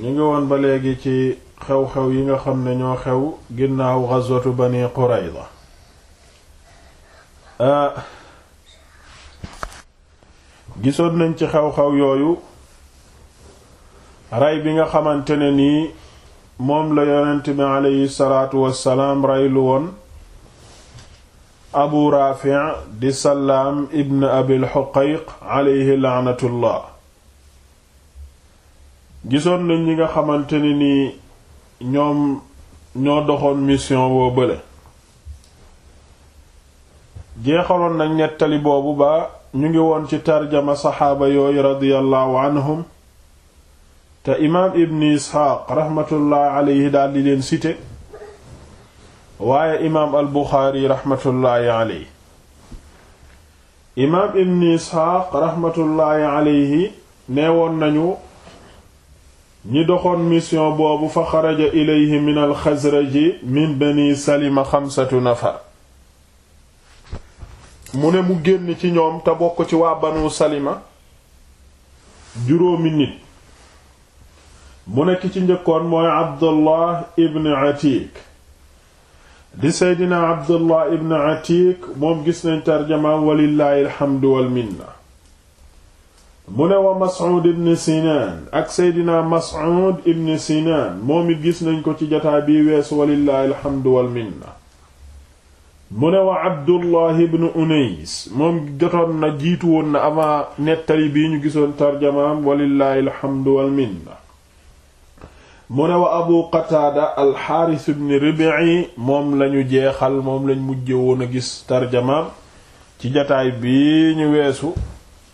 ñu ngi woon ba léegi ci xew-xew yi nga xam ne ñoo xew ginnaaw ghazwatu bani Qurayza ah, gisoon nañ ci xew-xew yooyu ray bi nga xamante ne nii moom la yonent bi aleyhi salaatu wassalaam rey abu raafi' di salaam ibn abil huqayq aleyhi laanatullah gisoon nañ ñi nga xamante ne ni ñoom ñoo doxoon mission woo bële jeexaloon nañ ñettali boobu ba ñu ngi woon ci tarjama saxaaba yooyu radiyallahu anhum te imaam ibn isxaaq raxmatullaahi aleyhi leen cité waaye imaam al buxaari raxmatullaahi aleyhi nee woon nañu ñi doxoon mission boobu fa xaraja ilayhi min alxasraji min bani salima nafar mu ne mu génn ci ñoom te bokk ci waa banu salima juróomi nit mu nekk ci njëkkoon mooy abdullah ibn atik di seydina abdullah ibn atik moom gis nañ tarjama walillaahi alxamdu walminna mu ne wa Mas'ud ibn Sinan ak Seydina Mas'ud ibn Sinan moom it gis nañ ko ci jataay bi weesu walillahi alhamdu wal minna mu ne wa Abdullah ibn Unays moom jotoon na jiitu woon na avant nettali bii ñu gisoon tarjamaam walillahi alhamdu wal mu ne wa Abu Qatada al ibn Rib'i moom lañu jeexal moom lañ mujje woon a gis tarjamaam ci jataay bi ñu weesu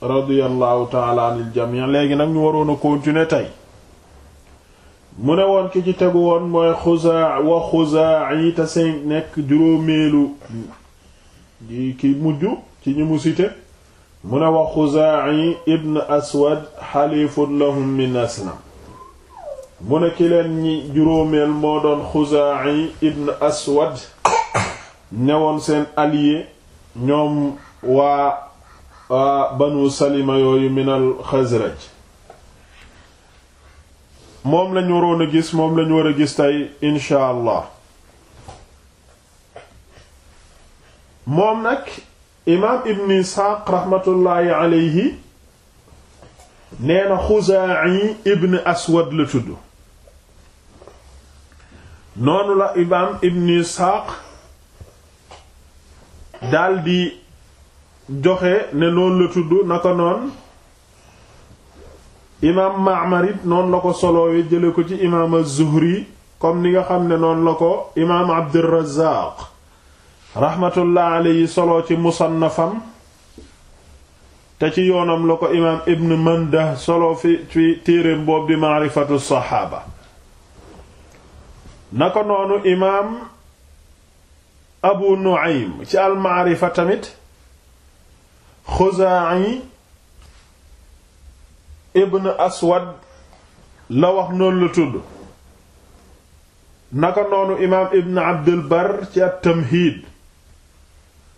radiyallahu taala anil jamii léegi nag ñu waroon a continuer tey mu ne woon ki ci tegu woon mooy xuzaa wa xuzaa yi te seen nekk juróomeelu mujj ci ñi mu cité mu ne wa xuzaa yi ibn aswad xalifun lahum mu ne ki leen ñi juróomeel moo doon xuzaa yi ibn aswad newoon seen allié ñoom waa banu salima yooyu minal xasraj moom lañu a gis moom lañu war a gis tey insha allah nag imaam ibn isxaaq raxmatullaahi nee na xuzaa'i ibn aswad la tudd noonu la imaam ibn isxaaq daldi joxe ne noonu la tudd naka noon imaam Ma'mar it la ko soloowe jële ko ci imaam az-Zuhri comme ni nga xam ne noon la ko imaam Abdurrazzaq rahmatullah yi solo ci musannafam te ci yoonam la ko imaam Ibn Mandah soloo fi ci téereem boobu di maarifatu saxaaba naka noonu imaam Abu Nu'aym ci al-Ma'rifa tamit Xuzaa'i ibn Aswad la wax noonu la tudd naka noonu imaam ibn Abdul Barr ci at-Tamhiid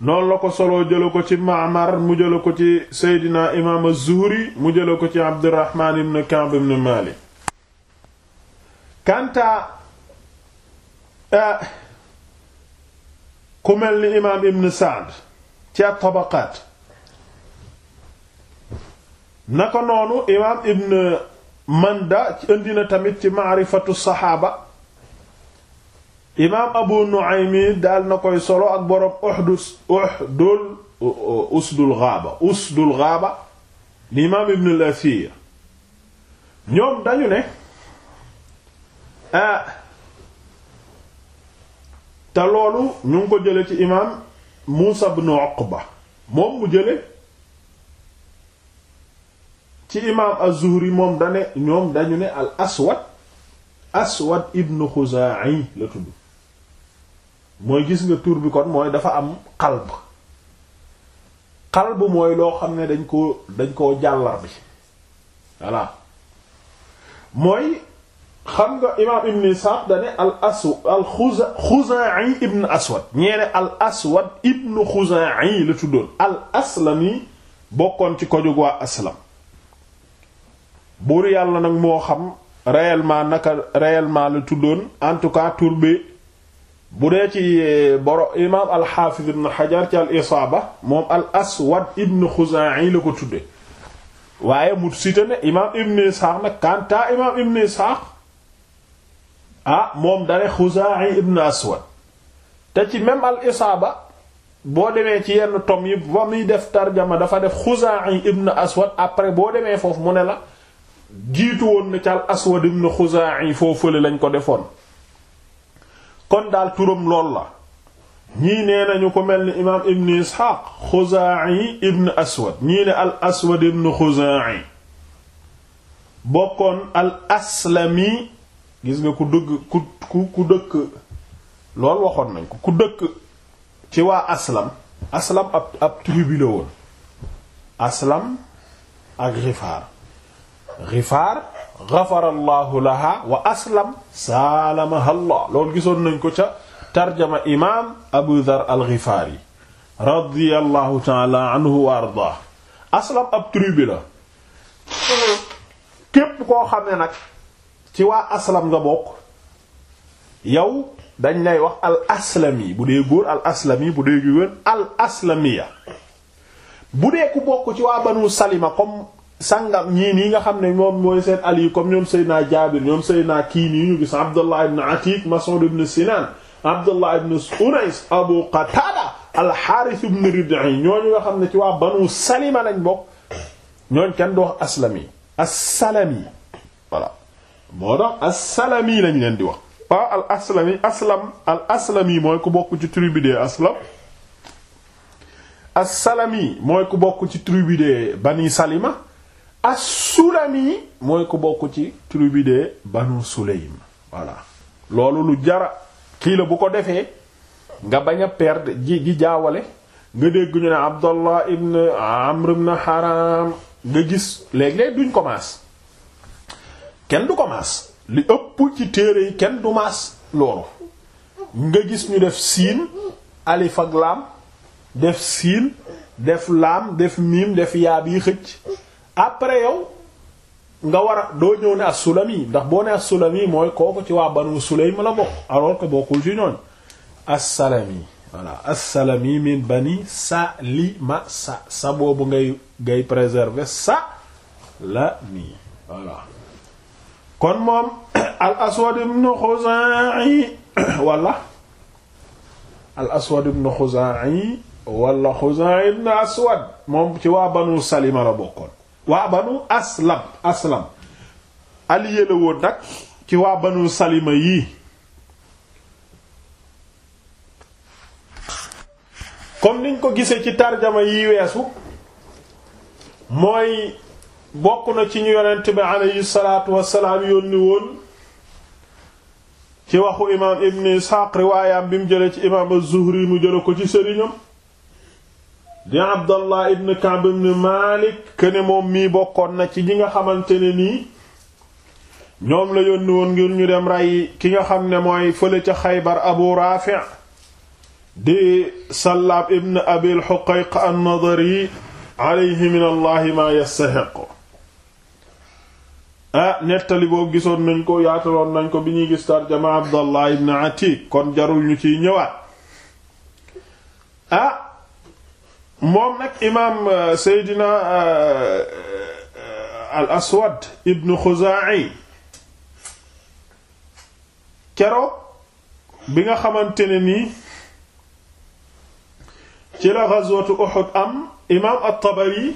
noonu la ko soloo jëla ko ci Ma'mar mu jëla ko ci Seydina imaam az mu jëla ko ci Abdurrahmaan ibn Ka'b ibn Maalik kantaa eh, ku mel ni imaam ibn Sa'd ci at-Tabaqaat na ko noonu imaam ibn manda ci indi na tamit ci maarifatu saxaaba imaam abu nu'aymi daal na koy solo ak boroom uxdus uxdul usdul gaaba usdul gaaba li imaam ibn al ñoom dañu ne ah te loolu ñu ko jële ci imaam muusa ibn uqba mu jële ci imaam az-Zuhri moom dane ñoom dañu ne al aswad aswad ibnu Xuzaa'i la tudd mooy gis nga tur bi kon mooy dafa am qalb qalb mooy loo xam ne dañ koo dañ koo jàllar bi mooy xam nga imaam ibn Isaaq dane al aswad al Xuzaa'i ibn aswad ñeene al aswad ibnu Xuzaa'i la tuddoon al aslami bokkoon ci ko jóg waa aslam buur yàlla nag moo xam réellement naka réellement la tuddoon en tout cas tour bi bu dee ci eh, boro imaam alxaafiz ibn xajar ci al isaaba moom al aswad ibn la ko tudde waaye mu cité ne imaam ibn isxaaq nag kanta imaam ibn isxaaq ah moom dane xuzaa'i ibn aswad te ci même al isaaba boo demee ci yenn tom yi ba muy def tarjama dafa def xuzaa'i ibn aswad après boo demee foofu mu ne la jiitu woon na ca al aswad ibn xuzaa'i foofale lañ ko defoon kon daal turam lool la ñii nee nañu ko mel ni imaam ibn isxaaq xuzaa'i ibn aswad ñii ne al aswad ibn xuzaa'i bokkoon al aslami gis nga ku dëkk ku ku ku dëkk loolu waxoon nañ ko ku dëkk ci waa aslam aslam ab ab tribu la woon aslam ak rifaar gifaar gafarallahu laha wa aslam saalamaha allah loolu gisoon nañ ko ca tarjama imam abu dhar al-ghifari radiyallahu taala anhu wa ardah aslam ab tribu képp koo xam nag ci waa aslam nga bokk yow dañ lay wax al aslami bu dee góor al aslami bu dee jigéen al aslamiya bu dee ku bokk ci waa banu salima comme sangam ñii nii nga xam ne moom mooy seen ali comme ñoom naa Jaabir ñoom Seydina kii nii ñu gis Abdullah ibn Atiq Mas'ud ibn Sinan Abdullah ibn Unais Abu Qatada al-Harith ibn ñooñu nga xam ne ci waa Banu Salima lañ bokk ñooñ kenn du wax aslami as-salami salami lañ leen di wax pas al aslam aslami mooy ku bokk ci tribu des aslam as mooy ku bokk ci tribu des Bani Salima as-Sulami mooy ku bokk ci tribu de Banu Sulaym voilà loolu lu jara kii la bu ko defee nga bañ a perdre ji ji jaawale nga dégg ñu ne Abdallah ibn Amr ibn Haram nga gis léeg-léeg duñ ko maas kenn du ko maas li ëpp ci téere yi kenn du maas loolu nga gis ñu def siin alif ak laam def siin def laam def miim def yaab yi xëcc après yow nga war a doo ñëw ne ndax boo ne as-Sulami mooy kooku ci waa Banu Sulaym la bokk alors que bokkul ci ñooñ as-Salami voilà as-Salami min Bani sa sa boobu ngay ngay préserver sa la mi kon moom al-Aswad ibn Khuzai wala al-Aswad ibn Khuzai wala Khuzai ibn Aswad moom ci waa Banu Salima la bokkoon waa banu aslam aslam allié la woon nag ci waa banu salima yii comme niñ ko gisee ci tarjama yi weesu mooy bokk na ci ñu yonent bi aleyhi salaatu wasalaam yónni woon ci waxu imaam ibn Isxaaq riwaayam bi mu jëlee ci imaam az mu jële ko ci sëriñam di abdallah ibn Ka'b ibn Malik këne moom mii bokkoon na ci ñi nga xamante ne nii ñoom la yónni woon ngir ñu dem rey ki nga xam ne mooy fële ca Xaybar Abu Rafi' di Sallaab ibn Abil Huqayq an-Nadari ma boo gisoon nañ ko yaataloon nañ ko bi ñuy gis tarjama Abdallah ibn Atiq kon jarul ñu ciy ñëwaat moom nag imaam euh, Seydina euh, euh, al aswad ibnu Xuzaa'i keroog bi nga xamante ne nii ci la ghazwatu Uhud am imaam at-Tabari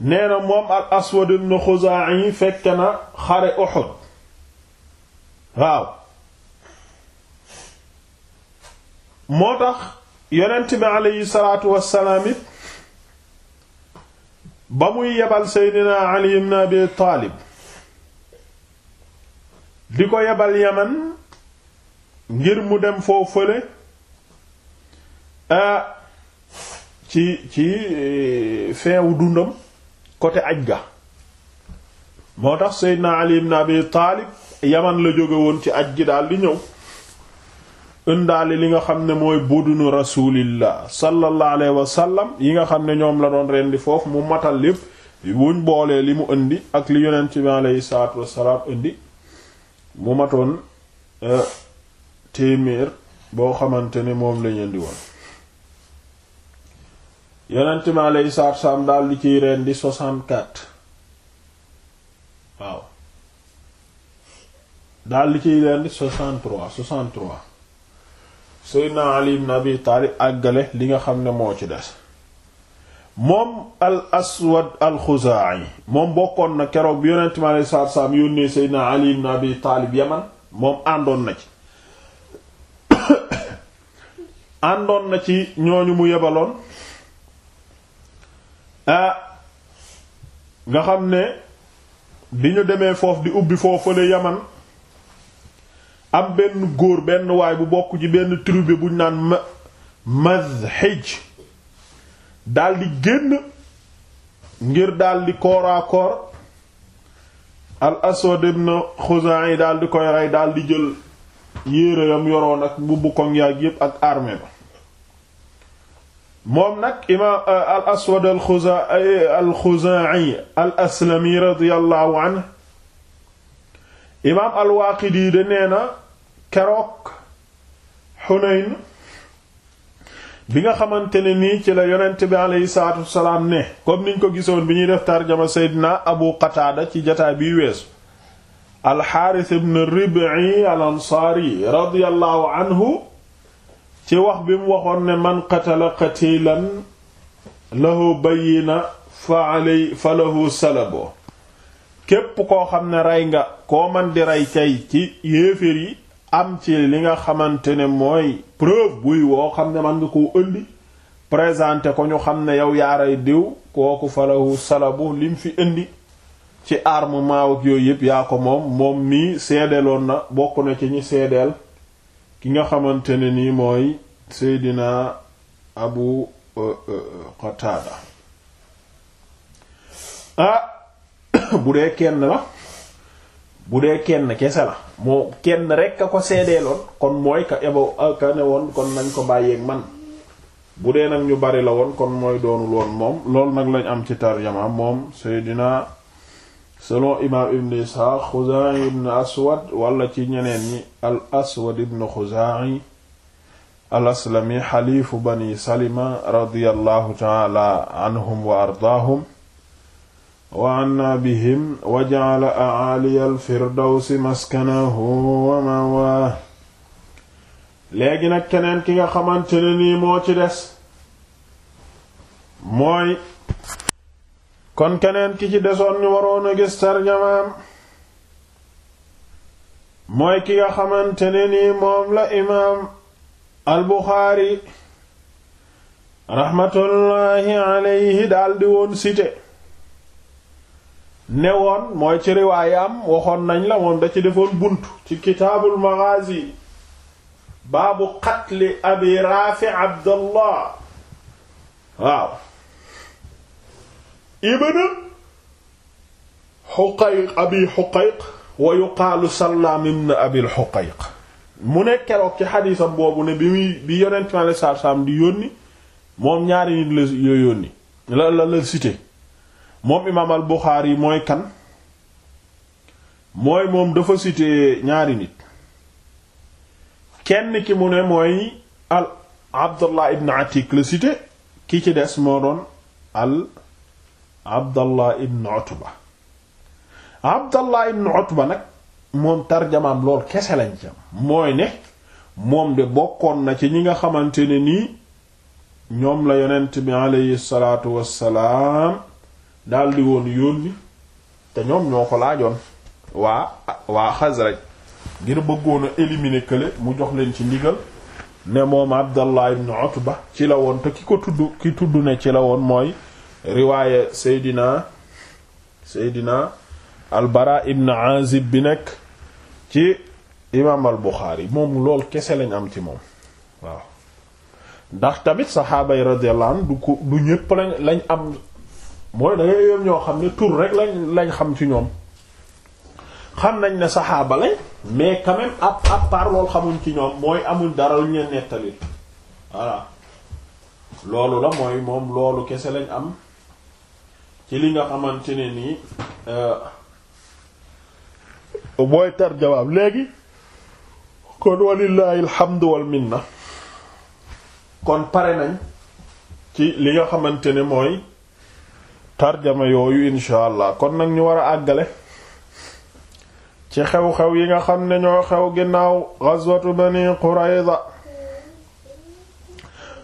nee moom al aswad ibnu Xuzaa'i fekk na xare Uhud waaw moo tax yonent bi aleyhi salaatu wassalaam it ba muy yebal seydina ali ibn abi di ko yebal yaman ngir mu dem foo fële a ah, ci ci eh, feewu dundam côté aj ga moo tax seydina ali ibn abi yaman la jóge woon ci aj gi daal di ñëw ëndaale li nga xam ne mooy budunu rasulillah sallallahu alayhi wa sallam yi nga xam ne ñoom la doon rendi foofu mu matal lépp buñ boolee li mu indi ak li yonent bi alayhi salaatu wassalaam mu matoon euh, téeméer boo xamante ne moom lañ indi woon yonent bi alayhi salaatu wassalaam di ciy rendi 64 waaw daal di ciy rendi 63 63 seydna ali ibn taalib àggale li nga xam ne moo ci des moom al aswad al xuzaa'i moom bokkoon na keroog bi yonent mi alayhi salaatu yónnee seydna ali ibn taalib yaman moom àndoon na ci àndoon na ci ñooñu mu yebaloon ah nga xam ne bi ñu demee foofu di ubbi foofale yaman am benn góor benn waay bu bokk ci benn tribu buñ naan mazhij daldi génn ngir daldi kooraakoor al aswad ibn Xuzaa'i daldi koy rey daldi jël yéerayam yoroon ak mbubbu koŋ yaag yépp ak armée ba moom nag imaam euh, al aswad al Xuzaa'i al Xuzaa'i al aslami radiyallahu anhu imaam al de nee na kerook Xunayn bi nga xamante ne nii ci la yonent bi aleyhi salaatu wasalaam ne comme niñ ko gisoon bi ñuy def tarjama Seydina Abu Qataada ci jataay biy weesu alxaaris ibn Rib'i al ansaari radiyallahu anhu ci wax bi mu waxoon ne man qatala qatiilan lahu bayyina fa fa lahu salabo képp koo xam ne rey nga ko man di rey cay ci yéeféer yi am ci li nga xamante ne mooy preuve buy woo xam ne man nga koo ëndi présenté ko ñu xam ne yow yaaray diw kooku falahu salabu lim fi indi ci armement ak yooyu yëpp yaa ko moom moom mii seedeeloon na bokk na ci ñi seedeel ki nga xamante ne nii mooy Seydina Abu euh, euh, Qatada ah, bu dee kenn la bu dee kenn kese la moo kenn rekk a ko seedeeloon kon mooy ka ebo ka ne woon kon nañ ko bàyyeeg man bu dee nag ñu bari la woon kon mooy doonul woon moom loolu nag lañ am ci tarjama moom Seydina selon imaam ibn Isxaaq Xuzaa'i ibn Aswad wala ci ñeneen ñi al Aswad ibn Xuzaa'i al aslami xaliifu bani Salima radiyallahu taala anhum wa ardaahum wa anna bihim wa ja'ala a'aliya al-firdawsi maskanahu wa ma'waahu léegi nag keneen ki nga xamante ne nii moo ci des mooy kon keneen ki ci desoon ñu waroon a gis tarjamaam mooy ki nga xamante ni nii moom la imaam al-Buxaari raxmatullaahi alayhi daldi woon cité woon mooy ci riwaayam waxoon nañ la moom da ci defoon bunt ci kitaabul maghazi baabu qatli abi raafi abdallah waaw ibn xuqayq abi xuqayq wa yuqaalu sallaam abil xuqayq mu ne keroog ci xadiisam boobu ne bi muy bi yonent mi aleyhi salaatu di yónni moom ñaari nit la yónni la la la moom imaam al Buxaari mooy kan mooy moom dafa cité ñaari nit kenn ki mu ne mooy al Abdallah ibn Atik la cité ki ci des moo doon al Abdallah ibn Utba Abdallah ibn Utba nag moom tarjamaam lool kese lañ ci mooy ne moom de bokkoon na ci ñi nga xamante ni nii ñoom la yonent bi aleyhi salaatu wassalaam daldi woon yónni te ñoom ñoo ko laajoon waa waa Xasraj ngir bëggoon a kële mu jox leen ci ndigal ne moom Abdallah ibn Utba ci la woon te ki ko tudd ki tudd ne ci la woon mooy riwaaye Seydina Seydina Al-Bara ibn bi nekk ci imaam Al-Bukhari lool kese lañ am ci moom waaw ndax tamit saxaaba yi radiyallahu du ko du ñépp lañ am mooy da ngay ñoo xam ne tur rek lañ lañ xam ci ñoom xam nañ ne saxaaba lañ mais quand même loolu xamuñ ci ñoom mooy amuñ dara lu ñu nettali voilà loolu la mooy moom loolu kese lañ am ci li nga xamante ne nii euh, mooy tar jawaab léegi kon walillahi alhamdu wal minna kon pare nañ ci li nga xamante ne mooy tarjama yooyu insha kon nag ñu war a àggale ci xew-xew yi nga xam ne ñoo xew ginnaaw ghazwatu bani qurayza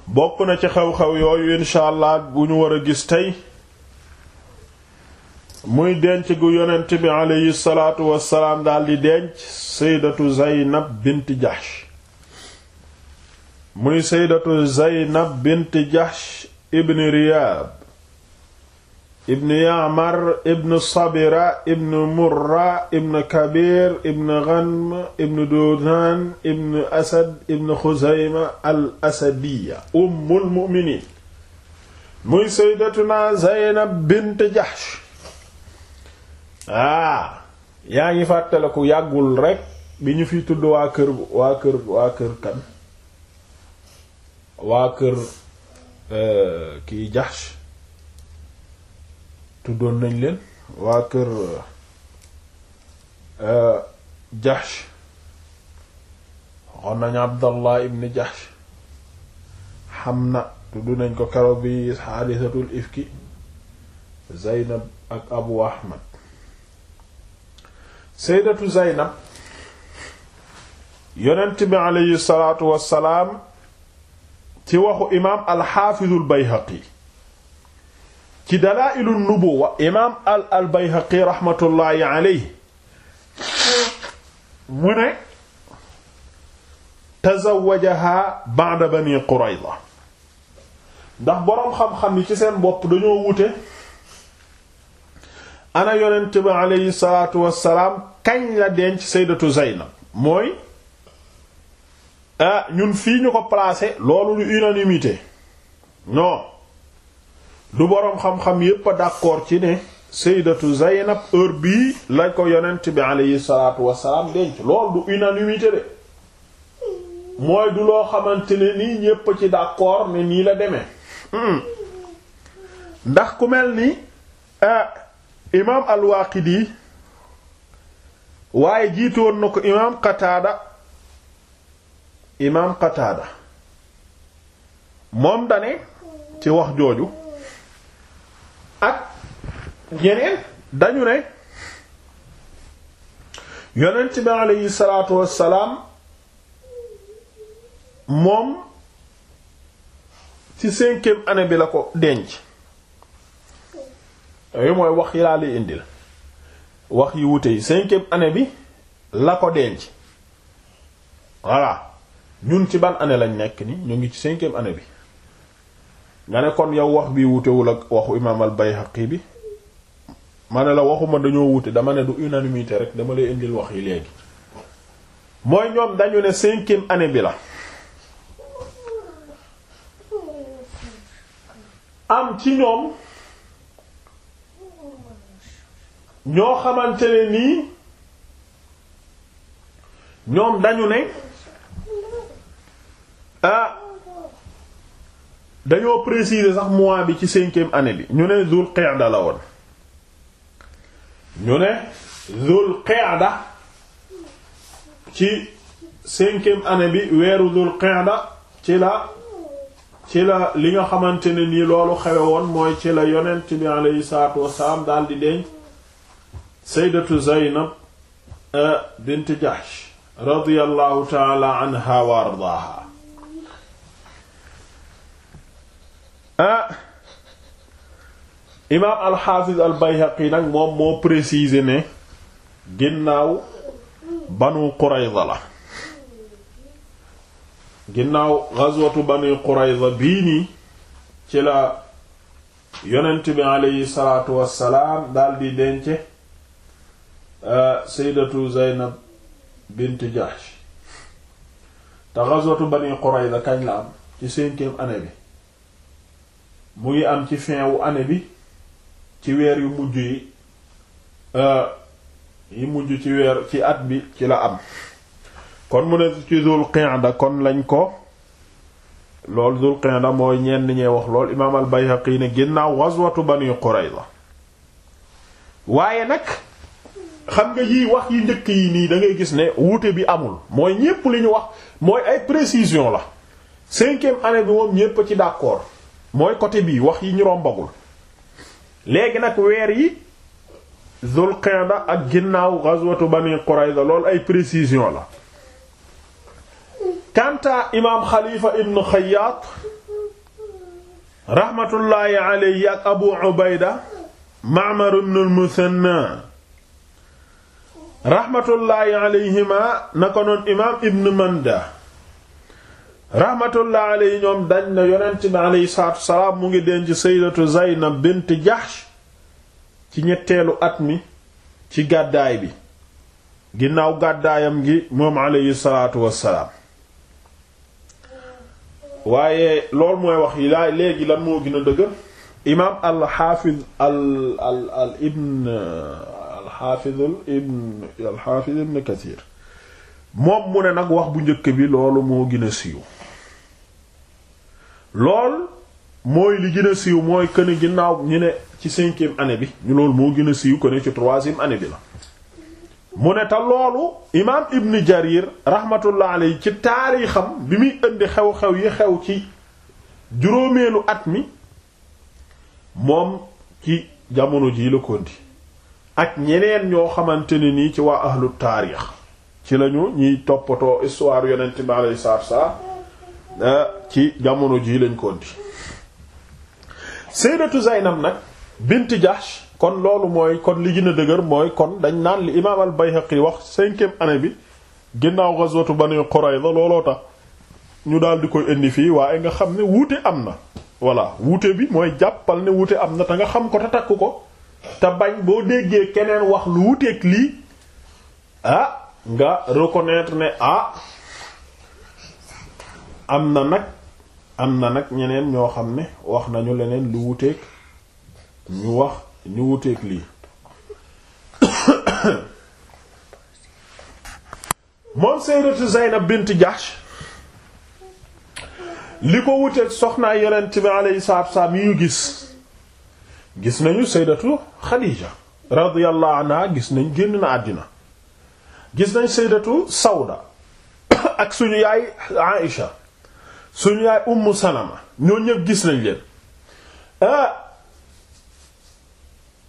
bokk na ci xew-xew yooyu insha bu ñu war a gis tey muy denc gu yonent bi aleyhi salaatu wassalaam daal di denc saydatu zaynab bint jahsh muy saydatu zaynab bint jahsh ibn riyab ibn Ya'mar ibn Sabira ibn Murra ibn Kabir ibn Ghanm ibn Dudan ibn Asad ibn Khuzayma al-Asadiyya ummul mu'minin muy sayyidatuna Zaynab bint Jahsh ah yaa ngi fàttaliku yàggul rekk bi ñu fi tudd waa kër waa kër waa kër kan waa kër eh, kii Jahsh tuddoon nañ leen waa kër euh, Jahsh waxoon nañ Abdallah ibn Jahsh Hamna tudd nañ ko karo bi xaadisatul ifki Zaynab ak Abu Ahmad Sayyidatu Zaynab yonent bi aleyhi salaatu wassalaam ci waxu imaam al-Haafizul Bayhaqi ci dalaa'ilu nubuwa imaam al al bayhaqi raxmatullaahi alayhi mu ne tazawwajaha ba'da qurayza ndax boroom xam-xam yi ci seen bopp dañoo wute ana yonent bi aleyhi salaatu wassalaam kañ la denc sayyidatu Zaynab mooy ah ñun fii ñu ko placé loolu lu unanimité du boroom xam-xam yépp a ci ne sayyidatu Zaynab heure bii lañ ko yonent bi alayhi salaatu wasalaam denc lool du unanimité de mooy du loo xamante ne nii ñépp ci d'accord ne nii la demee hmm. ndax ku mel ni ah, imaam al-Waaqidi waaye jiitoon na ko imaam Qataada imaam Qataada moom dane ci wax jooju ak yeneen dañu ne yonent bi aleyhi salaatu wassalaam moom ci cinquième année bi la ko denc yooyu mooy wax yi laa lay indil wax yi wute yi cinquième année bi la ko denc voilà ñun ci ban année lañ nekk ni ñu ngi ci cinquième année bi nga ne kon yow wax bi wutewul ak waxu imaam al-Bayhaqi bi ma ne la waxuma dañoo wuti dama ne du unanimité rek dama lay indil wax yi léegi mooy ñoom dañu ne cinquième année bi la am ci ñoom ñoo xamante ne nii ñoom dañu ne ah dañoo préciser sax mois bi ci cinquième année bi ñu ne Zul Qa'da la woon ñu ne Zul Qa'da ci cinquième année bi weeru Zul Qa'da ci la ci la li nga xamante ne nii loolu xewe woon mooy ci la yonent bi alayhi salaatu dal di denc saydatu Zaynab euh, bint Jahsh radiyallahu taala anha wa ardaaha ah imaam alxaafiz al bayhaqi nag moom moo préciser ne ginnaaw banu qurayza la ginnaaw ghazwatu banu qurayza bii nii ci la yonent bi aleyhi salaatu wassalaam daldi denc uh, sayyidatu zeynab bint jahsh te ghazwatu banu qurayza kañ la am ci cinquième année bi mu ngi am ci fin wu année bi ci weer yu mujj yi euh, yi mujj ci weer ci at bi ci la am kon mu ne ci zul qa'da kon lañ ko lool zul qa'da mooy ñenn ñee wax lool imaam al bayhaqi ne ginnaaw ghazwatu bani qurayza waaye nag xam nga yii wax yi njëkk yi nii da ngay gis ne wuute bi amul mooy ñépp li ñu wax mooy ay précision la cinquième année bi moom ñépp ci d'accord mooy côté bii wax yi ñu rombagul léegi nag weer yi Zul Qa'da ak ginnaaw ghazwatu Bani Qurayza lool ay précision la kanta imaam Khalifa ibn Khayyat rahmatullahi alayhi ak Abu Ubayda Ma'mar ibn al-Muthanna rahmatullahi alayhima naka noon imaam Ibn Manda rahmatullah alayhi ñoom dañ na yonent bi alayhi salaatu salaam mu ngi denc sayyidatu Zaynab bint Jahsh ci ñetteelu at mi ci gàddaay bi ginnaaw gàddaayam gi moom alayhi salaatu wassalaam waaye loolu mooy wax yi laay léegi lan moo gën a dëgër imaam alxaafiz al al al ibn alxaafiz ibn mu ne nag wax bu njëkk bi loolu moo gën a lool mooy li gën a siiw mooy këne ginnaaw ñu ne ci cinquième année bi ñu loolu moo gën a siiw këne ci troisième année bi la mu ne te loolu imaam ibn jarir rahmatullah alayhi ci taarixam bi muy indi xew-xew yi xew ci juróomeenu at mi moom ci jamono jii la ko indi ak ñeneen ñoo xamante ne nii ci waa ahlu taarix ci lañu ñuy toppatoo histoire yonent bi alayhi salaatu Ah, ci jamono jii leen ko indi sayyidatu Zaynab nag bint Jahsh kon loolu mooy kon li gën dëgër mooy kon dañ naan li imaam al-Bayhaqi wax cinquième année bi ginnaaw ghazwatu Bani Qurayza looloo tax ñu dal di koy indi fii waaye nga xam ne wuute am na voilà wuute bi mooy jàppal ne wuute am na te nga xam ko te takk ko te bañ boo déggee keneen wax lu wuuteeg lii ah nga reconnaître ne ah am na nag am na nag ñeneen ñoo xam ne wax nañu leneen lu wuteeg ñu wax ñu wuteeg lii moom sayyidatu Zaynab bint Jahsh li ko wuteeg soxna yonent bi alayhi salaatu wassalaam gis gis nañu sayyidatu Xadiija radiyallahu anha gis nañ génn na àddina gis nañ sayyidatu Sawda ak suñu yaay Aïsha suñu yaay ummu salama ñoo ñëpp gis nañ leen ah,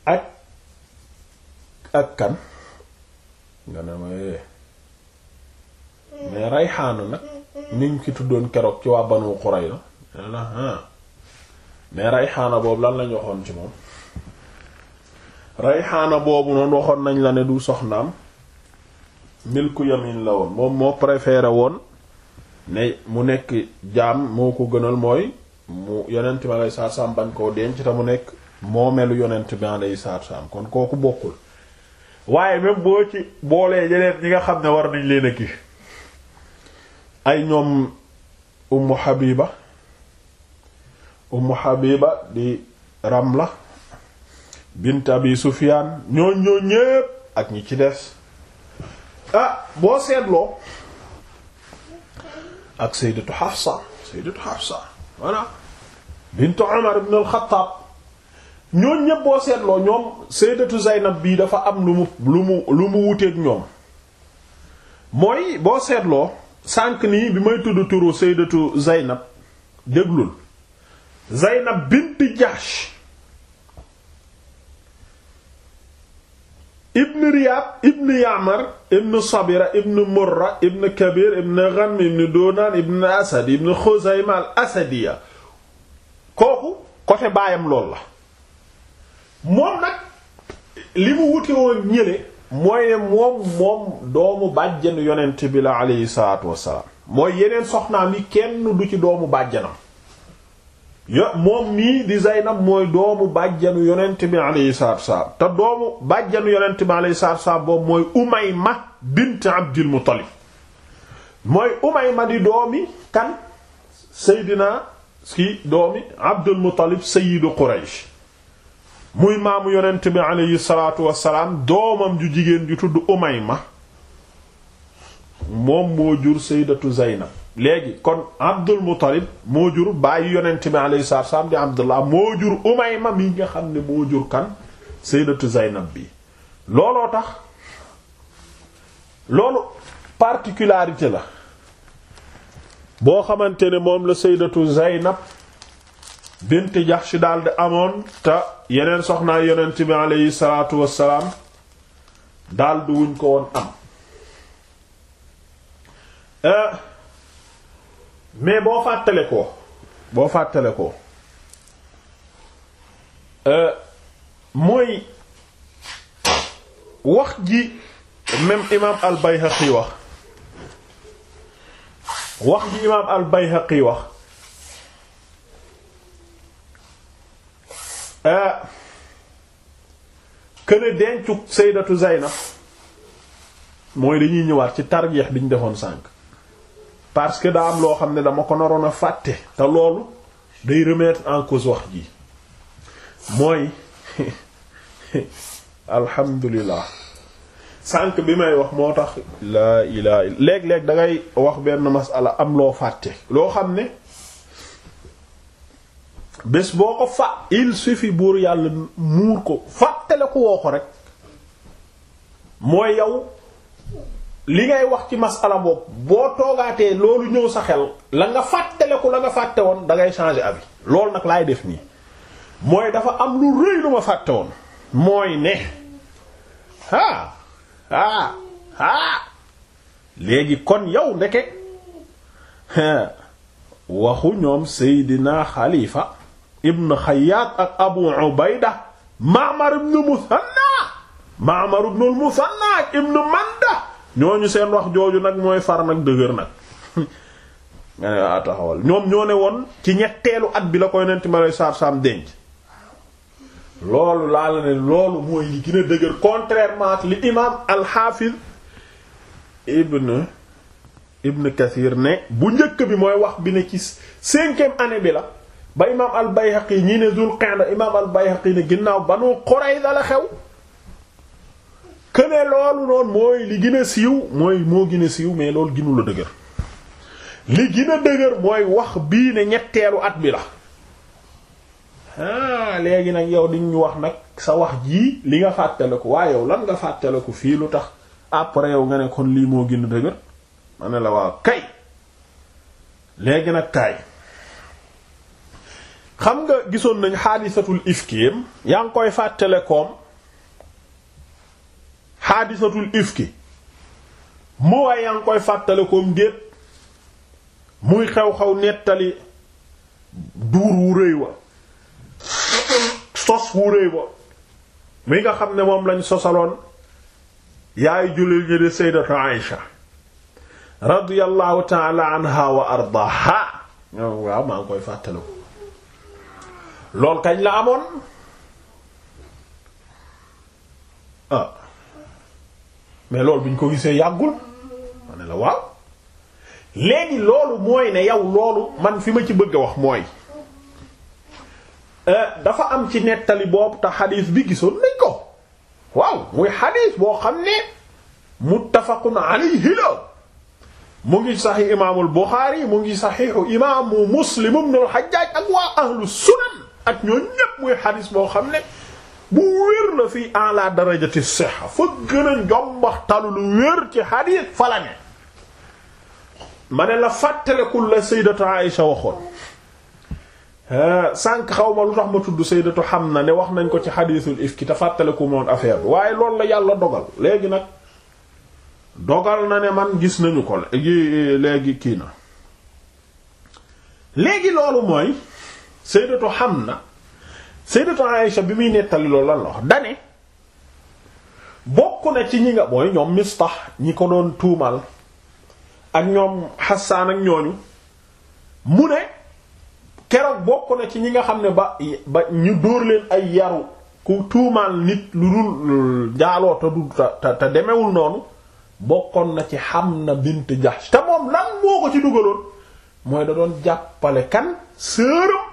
ak ak kan nga ne ma eh. mais rayxaanu nag niñ ki tuddoon keroog ci waa banu Qurayza ah. mais rayxaana boobu lan lañ waxoon ci moom ray xaana boobu noonu waxoon nañ la ne du soxnaam milku yamin la woon moom moo préféré woon ne mu nekk jaam moo ko gënal mooy mu yonent bi alayhi salaatu bañ koo denc te mu nekk moomeelu yonent bi alayhi salaatu salaam kon kooku bokkul waaye même boo ci boolee yeneen ñi nga xam ne war nañ leen a kii ñoom ummu habiba ummu habiba di ramla bint abi sufyaan ñooñ ak ñi ci des a ah, boo seetloo ak sayyidatu Hafsa sayyidatu Hafsa bintu Umar ibn al ñooñ ñëpp boo seetloo ñoom sayyidatu Zaynab bii dafa am lu mu lu mu lu mu wuteeg ñoom mooy boo seetloo sanq nii bi may tudd turu sayyidatu Zaynab déglul Zaynab bint Jahsh ibn Riyab ibn Ya'mar ibn Sabira ibn Murra ibn Kabir ibn Ghanm ibn Donan ibn Asad ibn Khuzayma al kooku côté baayam lool la moom nag li mu wute woon ñële mooy ne moom moom doomu bàjjanu yonent bi la aleyhi mooy yeneen soxnaam yi kenn du ci doomu bàjjanam yo moom mii di Zaynab mooy doomu bàjjanu yonent bi alayhi salaatu wasalaam te doomu bàjjanu yonent bi alayhi salaatu wasalaam boobu mooy Umayma bint Abdil Muttalib mooy Umayma di doomi kan Seydina ki doomi Abdul Muttalib sayyidu Quraysh muy maamu yonent bi alayhi salaatu wasalaam doomam ju jigéen ju tudd Umayma moom moo jur Sayyidatu Zaynab léegi kon Abdul Muttalib moo jur bàyyi yonent bi alayhi salaatu salaam di Abdullah moo jur Umayma mi nga xam ne moo jur kan Sayyidatu Zaynab bi looloo tax loolu particularité la boo xamante ne moom la Sayyidatu Zaynab bint Jahsh daal di amoon te yeneen soxnaa yonent bi alayhi salaatu wassalaam daal di wuñ ko woon am euh, mais boo fàttale ko boo fàttale ko euh, mooy wax ji même imaam al-Bayhaqi wax wax ji imaam al-Bayhaqi wax këne euh, dencu Sayyidatu Zaynab mooy dañuy ñëwaat ci tarjeex bi ñu defoon sànk parce que daa am loo xam ne dama ko naroon a fàtte te loolu day remettre en cause wax ji mooy alhamdulilah sànq bi may wax moo tax laa ilaa léeg-léeg da wax benn masala am loo fàtte loo xam ne bés boo ko fa il suffit buur yàlla muur ko fàttale ko woo rek mooy yow li ngay wax ci masala boobu boo toogaatee loolu ñëw sa xel la nga fàttaleku la nga fàtte woon dangay ngay abi avis loolu nag laay def nii mooy dafa am lu rëy lu ma fàtte woon mooy ne ah ah ah léegi kon yow ndeke waxu ñoom Seydina Xalifa ibn Xayyaat ak Abu Ubayda Ma'mar ibn Musanna Ma'mar ibn musanna ak ibn Manda ñooñu seen wax jooju nag mooy far nag dëgër nag nga ne waa ah, taxawal ñoom ñoo ne woon ci ñetteelu at bi la koy nenti ma lay saar saam denc loolu laa la ne loolu mooy li gën a dëgër contrairement ak li imaam alxaafiz ibn ibn kathir ne bu njëkk bi mooy wax bi ne ci cinquième année bi la ba imaam al bayhaqi ñii ne zul qa'da imaam al bayhaqi ne ginnaaw banu qurayza la xew këne loolu noonu mooy li gën a siiw mooy moo gën a siiw mais loolu gënu dëgër li gën a dëgër mooy wax bii ne ñetteelu at bi la ah léegi nag yow di ñu wax nag sa wax jii li nga fàttaliku waa yow lan nga ko fii lu tax après yow nga ne kon lii moo gën a dëgër ma ne la waaw kay léegi nag kaay xam nga gisoon nañ xaadisatul ifkim yaa ngi koy koom xaadisatul ifki mu waaye yaa ngi koy fàttale koom déet muy xew-xew nettali duur wu rëy wa sos wu rëy wa mi nga xam ne moom lañ sosaloon yaay jullit ñi di sayyidatu Aïsha radiyallahu ta'ala anha wa ardaaha waaw maa ngi koy fàttale ko lool kañ la amoon ah. mais loolu bi ñu ko gisee yàggul ma la waaw léegi loolu mooy ne yow loolu man fi ma ci bëgg a wax mooy euh, dafa am ci nettali boobu te xadiis bi gisoon nañ ko waaw muy xadiis boo xam ne muttafaqun alayhi la mu ngi saxiix imaamul Buxaari mu ngi saxiixu imaamu Muslim ibnul Xajjaaj ak waa ahlu sunan ak ñooñu ñépp muy xadiis boo xam ne bu wér la fii en la darajati sihha fa gën a lu wér ci xadiis fa la ne ma ne la fàttalekul la sayyidatu Aïsha waxoon euh, sànq xaw ma lu tax ma tudd xam na ne wax nañ ko ci xadiisul ifki te fàttaleku moon affaire bi waaye loolu la yàlla dogal léegi nag dogal na ne man gis nañu ko léegi kii na léegi loolu mooy sayyidatu Hamna Sayyidatu Aïsha bi muy nettali loolu lan la wax dane bokk na ci ñi nga mooy ñoom Mistah ñi ko doon tuumaal ak ñoom Hassan ak ñooñu mu ne keroog bokk na ci ñi nga xam ne ba ñu dóor leen ay yaru ku tuumaal nit lu dul njaaloo te du te te demewul noonu bokkoon na ci xam na bint Jahsh te moom lan moo ko ci dugaloon mooy da doon jàppale kan sëram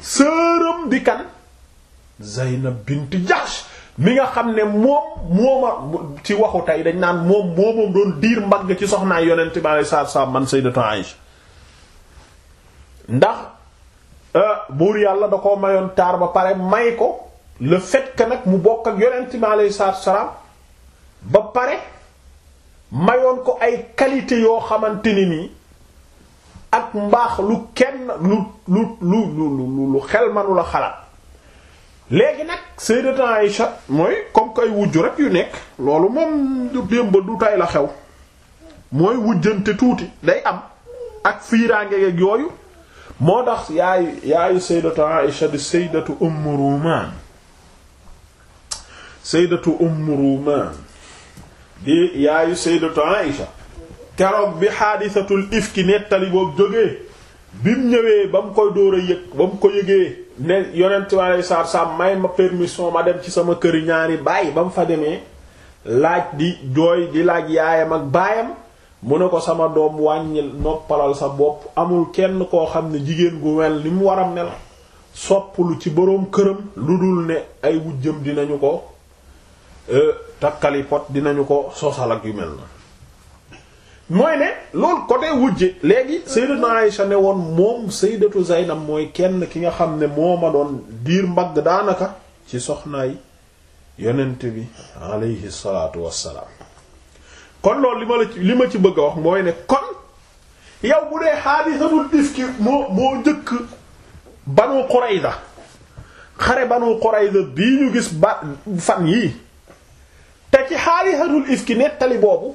sëram di kan Zaynab bint jaas mi nga xam ne moom mooma ci waxu tey dañ naan moom moomoom doon diir mbagg ci soxnaa yonent bi sa saatu salaam man sayyidatu Aïsha ndax euh, buur yàlla da ko mayoon taar ba pare may ko le fait nag mu bokk ak yonent bi alei saatu salaam ba pare mayoon ko ay qualité yoo xamante ni nii ak mbaax lu kenn lu lu lu lu lu xel manu la xalaat léegi nag sayyidatuna Aïcha mooy comme que ay wujj rek yu nekk loolu moom démb du tay la xew mooy wujjante tuuti day am ak fiiraange yooyu moo tax yaayu yaayu sayyidatuna Aïcha di sayyidatu Ummu Rumaan sayyidatu Ummu Rumaan di yaayu sayyidatuna Aïcha keroog bi xaadisatul ifki nettali boobu jógee bi mu ñëwee ba mu koy dóor yëg ba mu ko yëgee ne yonent bi alei saatu salaam may ma permission ma dem ci sama kër ñaari baay ba mu fa demee laaj di jooy di laaj yaayam ak baayam mu ne ko sama doom wàññil noppalal sa bopp amul kenn koo xam ne jigéen gu wel ni mu war a mel sopplu ci boroom këram lu dul ne ay wujjam dinañu ko euh, takkali pot dinañu ko sosal ak yu mel na mooy ne loolu côté wujje léegi sayyidatu Aïcha ne woon moom sayyidatu Zaynab mooy kenn ki nga xam ne moo ma doon diir mbagg daanaka ci soxnaay yonent bi alayhi salaatu wassalaam kon loolu li ma la li ma ci bëgg a wax mooy ne kon yow bu dee xaadisatul ifki moo moo jëkk Banu Qurayza xare Banu Qurayza bii ñu gis ba fan yii te ci xaadisatul ki nettali boobu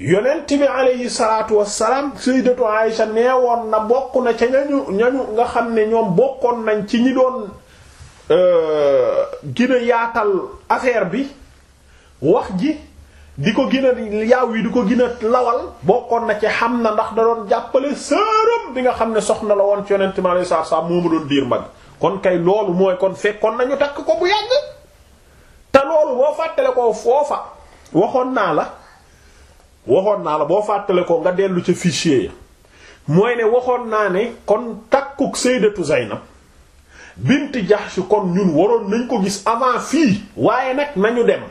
yonent bi aleyhi salaatu wassalaam sayyidatu nee woon na bokk na ca ñañu ñañu nga xam ne ñoom bokkoon nañ ci ñi doon euh, gën yaatal affaire bi wax ji di ko gën a yaaw yi di ko gina lawal bokkoon na ci xam na ndax da doon jàppale sëram bi nga xam ne soxna la woon ci yonent bi aleyhi salaatu wassalaam moo ma doon diir mag kon kay loolu mooy kon fekkoon nañu takk ko bu yàgg te loolu boo fàttale ko foofa waxoon naa la waxoon naa la boo fàttale ko nga dellu ci fichier ya mooy ne waxoon naa ne kon takkuk sayyidatu Zaynab bint Jahsh kon ñun waroon nañ ko gis avant fii waaye nag nañu dem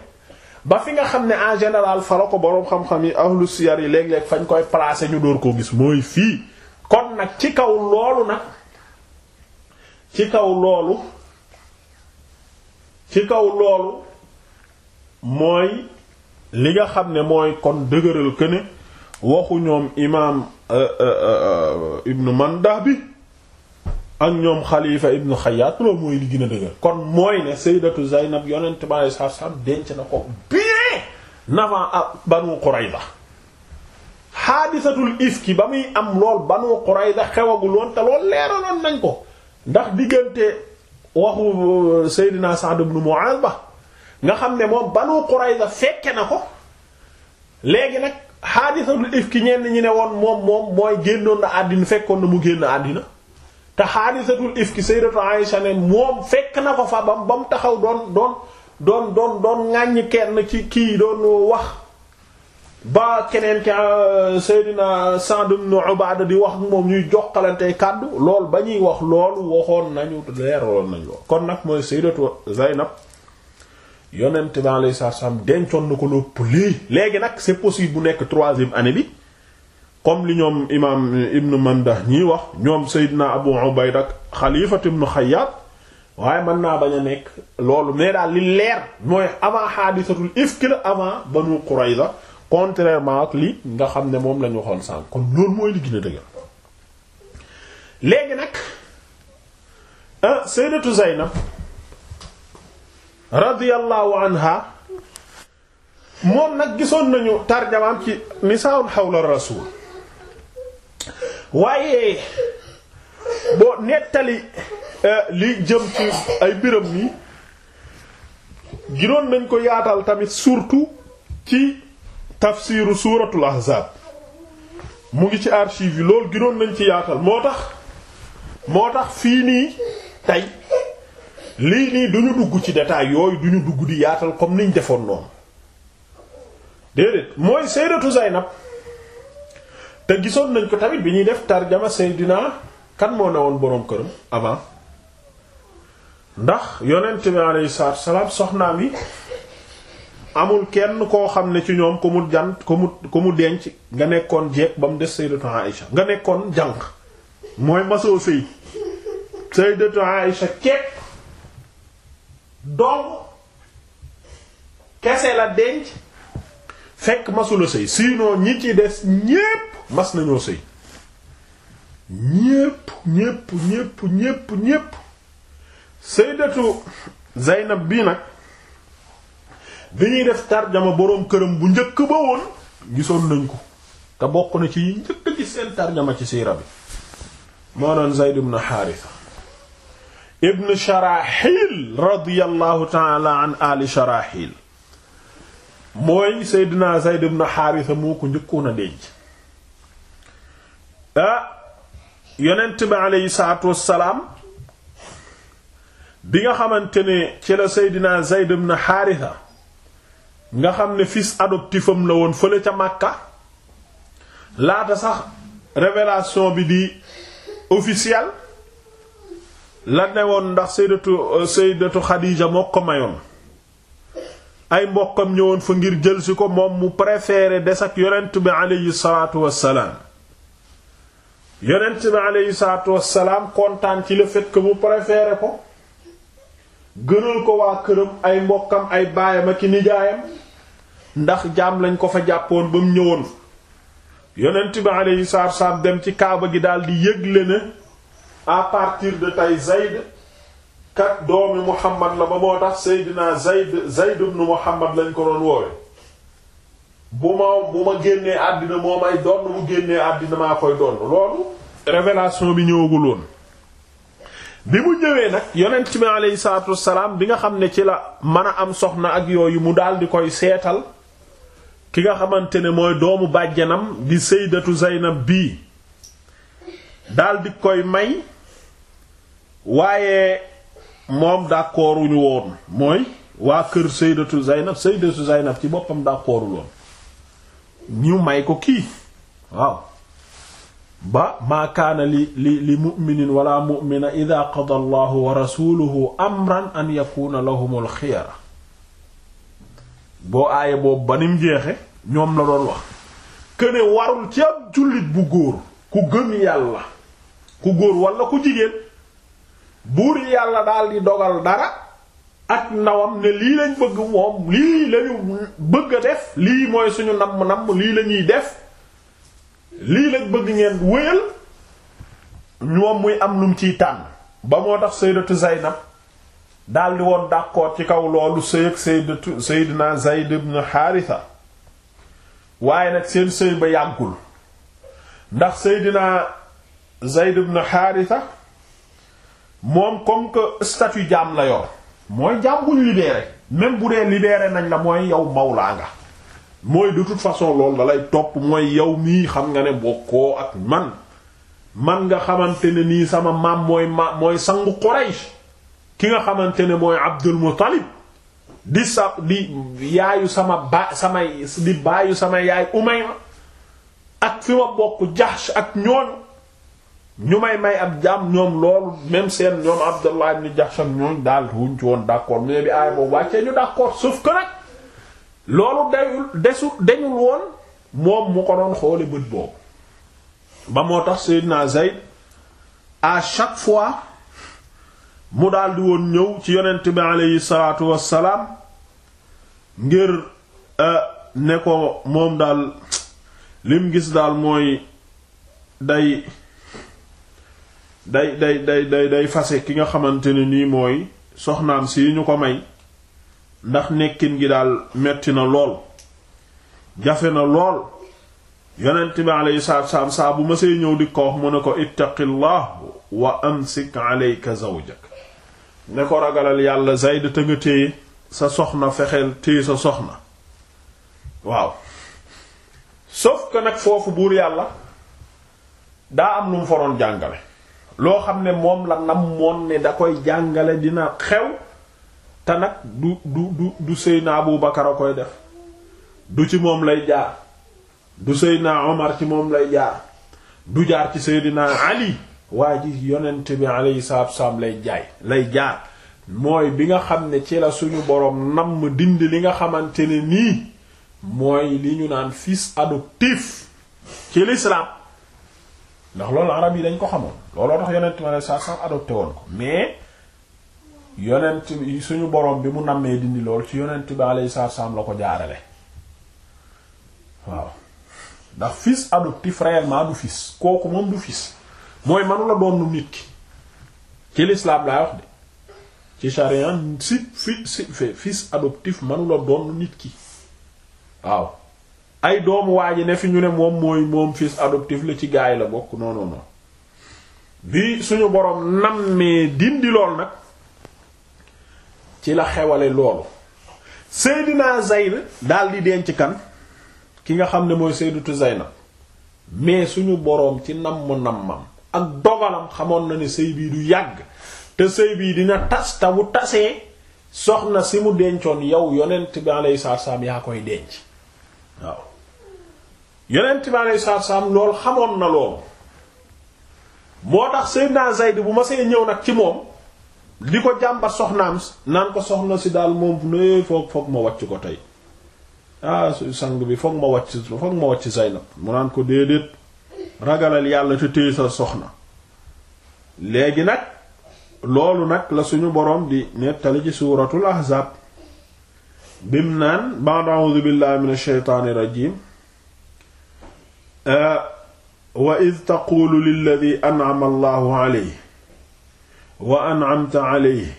ba fi nga xam ne en général fala ko boroom xam-xam yi ahlu siyar yi léeg-léeg fañ koy placer ñu door ko gis mooy fii kon nag ci kaw loolu nag ci kaw loolu ci kaw loolu mooy li nga xam ne mooy kon dëgëral que waxu ñoom imaam euh, euh, euh, ibnu Mandah bi ak ñoom Xalifa ibnu Xayyaat loolu mooy li dëgër kon mooy ne Sayyidatu Zaynab yonent bi alayhi salaatu denc na ko bien avant ak Banu Qurayza xaadisatul ifki ba muy am lool Banu Qurayza xewagul woon te lool leeraloon nañ ko ndax diggante waxu Seydina Sa'd ibnu Mu'aaz ba nga xam ne moom Banu Qurayza fekke na ko léegi nag xaadisatul ki ñenn ñi ne woon moom moom mooy génnoon na àddina fekkoon na mu génn àddina te xaadisatul ifki sayyidatu Aisha ne moom fekk na ko fa ba mu taxaw doon doon doon doon doon ŋàññ kenn ci kii doon wax ba keneen ki euh, na Sa'd ibn Ubaada di wax moom ñuy joxalante kàddu lool ba ñuy wax loolu waxoon nañu leeroon nañu kon nag mooy sayyidatu Zaynab yonent bi alayhi salaam dencoon na ko lépp lii léegi nag c'est possible bu nekk troisième année bi comme li ñoom imaam ibnu mandah ñiy wax ñoom Seydina Abu Ubayd ak Xalifatu ibnu Xayyaat waaye mën naa bañ a nekk loolu mais daal li leer mooy avant xaadisatul ifk ba avant Banu Qurayza contrairement ak li nga xam ne moom la ñu waxoon sànq kon loolu mooy li gën a dëgër léegi nag euh, Sayyidatu Zaynab radiyallahu anha moom nag gisoon nañu tarjamaam ci nisaa'un hawla rasul waaye boo nettali eh, li jëm ci ay mbiram ni ginoon nañ ko yaatal tamit surtout ci tafsiru suuratul ahzaab mu ngi ci archive yi loolu ginoon nañ ci yaatal moo tax moo tax fii nii tey lii nii duñu dugg ci détail yooyu duñu dugg di yaatal comme niñ defoon noonu déedéet mooy sayyidatu Zaynab te gisoon nañ ko tamit bi ñuy def tarjama Seydina kan moo ne woon boroom këram avant ndax yonent bi alayhi salaatu salaam soxnaam yi amul kenn koo xam ne ci ñoom ku mu jant ku mu ku mu denc nga nekkoon jeeg ba mu des sayyidatu Aïcha nga nekkoon jànq mooy masoo sëy sayyidatu Aïcha kepp donc kese la denc fekk masula sëy sinon ñi ci des ñépp mas nañoo sëy ñépp ñépp ñépp ñépp ñépp sayyidatu Zaynab bi nag bi ñuy def tarjama boroom këram bu njëkk ba woon gisoon nañ ko te bokk na ci yi njëkk ci seen tarjama ci siira bi moo doon Zayd ibn Haarisa ibn Sharaxil radiyallahu taala an ali Sharaxil mooy Seydina Zayd ibn Haarisa moo ko njëkkoon a denc ah, yonent bi aleyhi salaatu wassalaam bi nga xamante ne ci la Seydina Zayd ibn Haarisa nga xam ne fils adoptif la woon fële ca Makka laata sax révélation bi di officielle la newoon ndax sayyidatu euh, sayyidatu Xadiija moo ko mayoon ay mbokkam ñëwoon fa ngir jël si ko moom mu préféré des ak yonent bi aleyhi salaatu wassalaam yonent bi aleyhi salaatu kontaan ci le fait que mu préféré ko gënul ko waa këram ay mbokkam ay baayam ak i nijaayam ndax jaam lañ ko fa jàppoon ba mu ñëwoon fa yonent bi aleyhi salaatu wassalaam dem ci kaaba gi daldi yëgle ne à partir de tey Zayd kat doomi Muhammad la ba moo tax Seydina Zayd Zayd ibn Muhammad lañ ko doon woowe bu ma bu ma génnee àddina moom ay donn mu génnee àddina maa koy donn loolu révélation bi ñëwagul bi mu ñëwee nag yonent bi aleyhi salaatu wassalaam bi nga xam ne ci la mën a am soxna ak yooyu mu daal di koy seetal ki nga xamante ne mooy doomu bàjjanam di Sayyidatu Zaynab bii daldi koy may waaye moom d'accord wuñu woon mooy waa kër sayyidatu Zaynab sayyidatu Zaynab ci boppam d'accordul woon ñu may ko kii waaw ba maa kaana li li li mu'minin mu'mina idha qada allahu wa rasuluhu amran an yakuna lahumul xiyara boo aaye boobu ba nim jeexe ñoom la doon wax këne warul ci ab jullit bu góor ku gëm yàlla ku góor walla ku jigéen buur yàlla daal di dogal dara ak ndawam ne lii lañ bëgg moom lii lañu bëgg a def lii mooy suñu namm namm lii lañuy def lii lañ bëgg ngeen wéyal ñoom muy am lum ciy tànn ba moo tax sayyidatu Zaynab daal di woon d'accord ci kaw loolu sëy ak sayyidatu sayyidina Zayd ibn waaye nag seen sëy ba yàggul ndax sayyidina Zayd ibn Haritha moom comme que statut jaam la yor mooy jaam bu ñu libéré même bu dee libéré nañ la mooy yow mawlaa nga mooy de façon loolu da topp mooy yow mii xam nga ne bokkoo ak man man nga xamante ne nii sama maam mooy ma mooy sangu Quraysh ki nga xamante ne mooy Abdul Muttalib di sa di yaayu sama ba samay di baayu sama yaay Umayma ak fi ma bokk Jahsh ak ñoon ñu may may ab jaam ñoom loolu même seen ñoom Abdallah ibn Jahsh ñooñ daal wuñ ci woon d'accord mais bi aay boobu wàccee ñu d'accord sauf que loolu dayul desu dañul woon moom mu ko doon xoole bët boobu ba moo tax Seydina Zayd à chaque fois mu daldi woon ñëw ci yonent bi aleyhi salaatu wassalaam ngir euh, ne ko moom daal lim gis daal mooy day day day day day day fase ki nga xamante ni nii mooy soxnaam si ñu ko may ndax nekkin gi daal metti na lool jafe na lool yonent bi alayhi salaatu wasalaam saa bu ma see ñëw di ko mu ne ko ittaqillah wa amsik alayka zawjak ne ko ragalal yàlla Zayd te nga téye sa soxna fexeel téye sa soxna waaw sauf que nag foofu buur yàlla daa am lu mu fa doon jàngale loo xam ne moom la nam moon ne da koy jàngale dina xew te nag du du du du Seydina Abu a koy def du ci moom lay jaar du Seydina Omar ci moom lay jaar du jaar ci Seydina Ali waa ji yonent bi alayhi salaatu wassalaam lay jaay lay jaar mooy bi nga xam ne ci la suñu boroom namm dindi li nga xamante ne nii mooy li ñu naan fils adoptif ci l'islam ndax loolu arab yi dañ ko xamoon looloo tax yonent ma ne saa sax adopté woon ko mais yonent suñu borom bi mu nammee dindi lool ci yonent bi alayhi salaam la ko jaarale waaw ndax fils adoptif réellement du fils kooku moom du fils mooy mënu la doon nit ki ci l'islam laa wax de ci charian si fi si fils adoptif mënu la doon nit ki waaw ay doomu waa ji ne fi ñu ne moom mooy moom fils adoptif la ci gaay la bokk noonu non bii suñu boroom nammee dindi lool nag ci la xewale loolu Seydina Zayd daal di denc kan ki nga xam ne mooy say na mais suñu boroom ci nam nammam ak dogalam xamoon na ne sëy bii du yàgg te sëy bii dina tas te bu tasee soxna si mu dencoon yow yonent bi alayhi salaam yaa koy denc waaw yonent bi aleyhi salaatu salaam lool xamoon na loolu moo tax Seydina Zayd bu ma see ñëw nag ci moom di ko jàmbat soxnaam naan ko soxna si daal moom ne foog foog ma wàcc ko tey ah sang bi foog ma wàcc foog ma wàcc Zaynab mu naan ko déedéet ragalal yàlla te téye sa soxna léegi nag loolu nag la suñu boroom di nettali ci suuratul ahzaab bim naan ba'da a'uuzu billaahi minash shaytaanir rajiim Uh, wa id taqulu lilladi an'ama allahu alayhi wa an'amta alayhi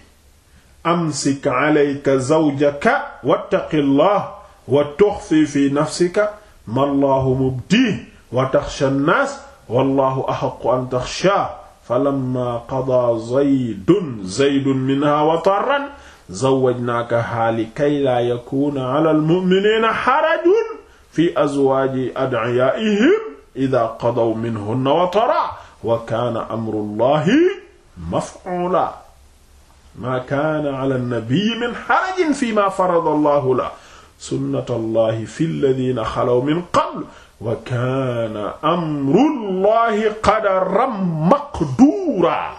amsik alayka zawjaka wattaqi llah wa tuxfi fi nafsika ma allahu mubdiih wa taxsha nnaas wallahu axaqu an taxshaa falamma qadaa zaydun zaydun minha wataran zawwajnaakahaa likay laa yakuuna alal mu'miniina xarajun fi azwaaji ad'iyaa'ihim idhaa qadaw minhunna wataraa wa kaana amru llahi maf'uulaa maa kaana 'alaa nabiyyi min harajin fiimaa farada llahu lahu sunnata llahi fi lladiina xalaw min qablu wa kaana amru llahi qadaran maqduuraa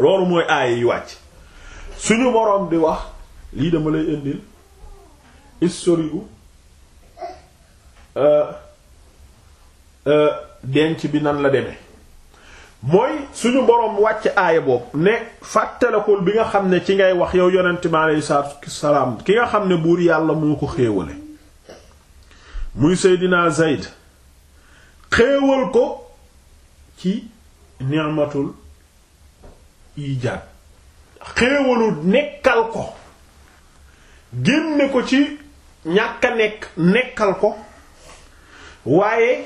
loolu mooy aaya yi wàcc suñu boroom di wax lii dama lay indil historique Euh, euh, denc bi nan la demee mooy suñu boroom wàcc aaya boobu ne fàttalikul bi nga xam ne ci ngay wax yow yonent bi aleyhi salaam ki nga xam ne buur yàlla moo ko xéewale muy Seydina Zayd xéewal ko ci ni'matul ijaad xéewalu nekkal ko génne ko ci ñàkk a nekk nekkal ko waaye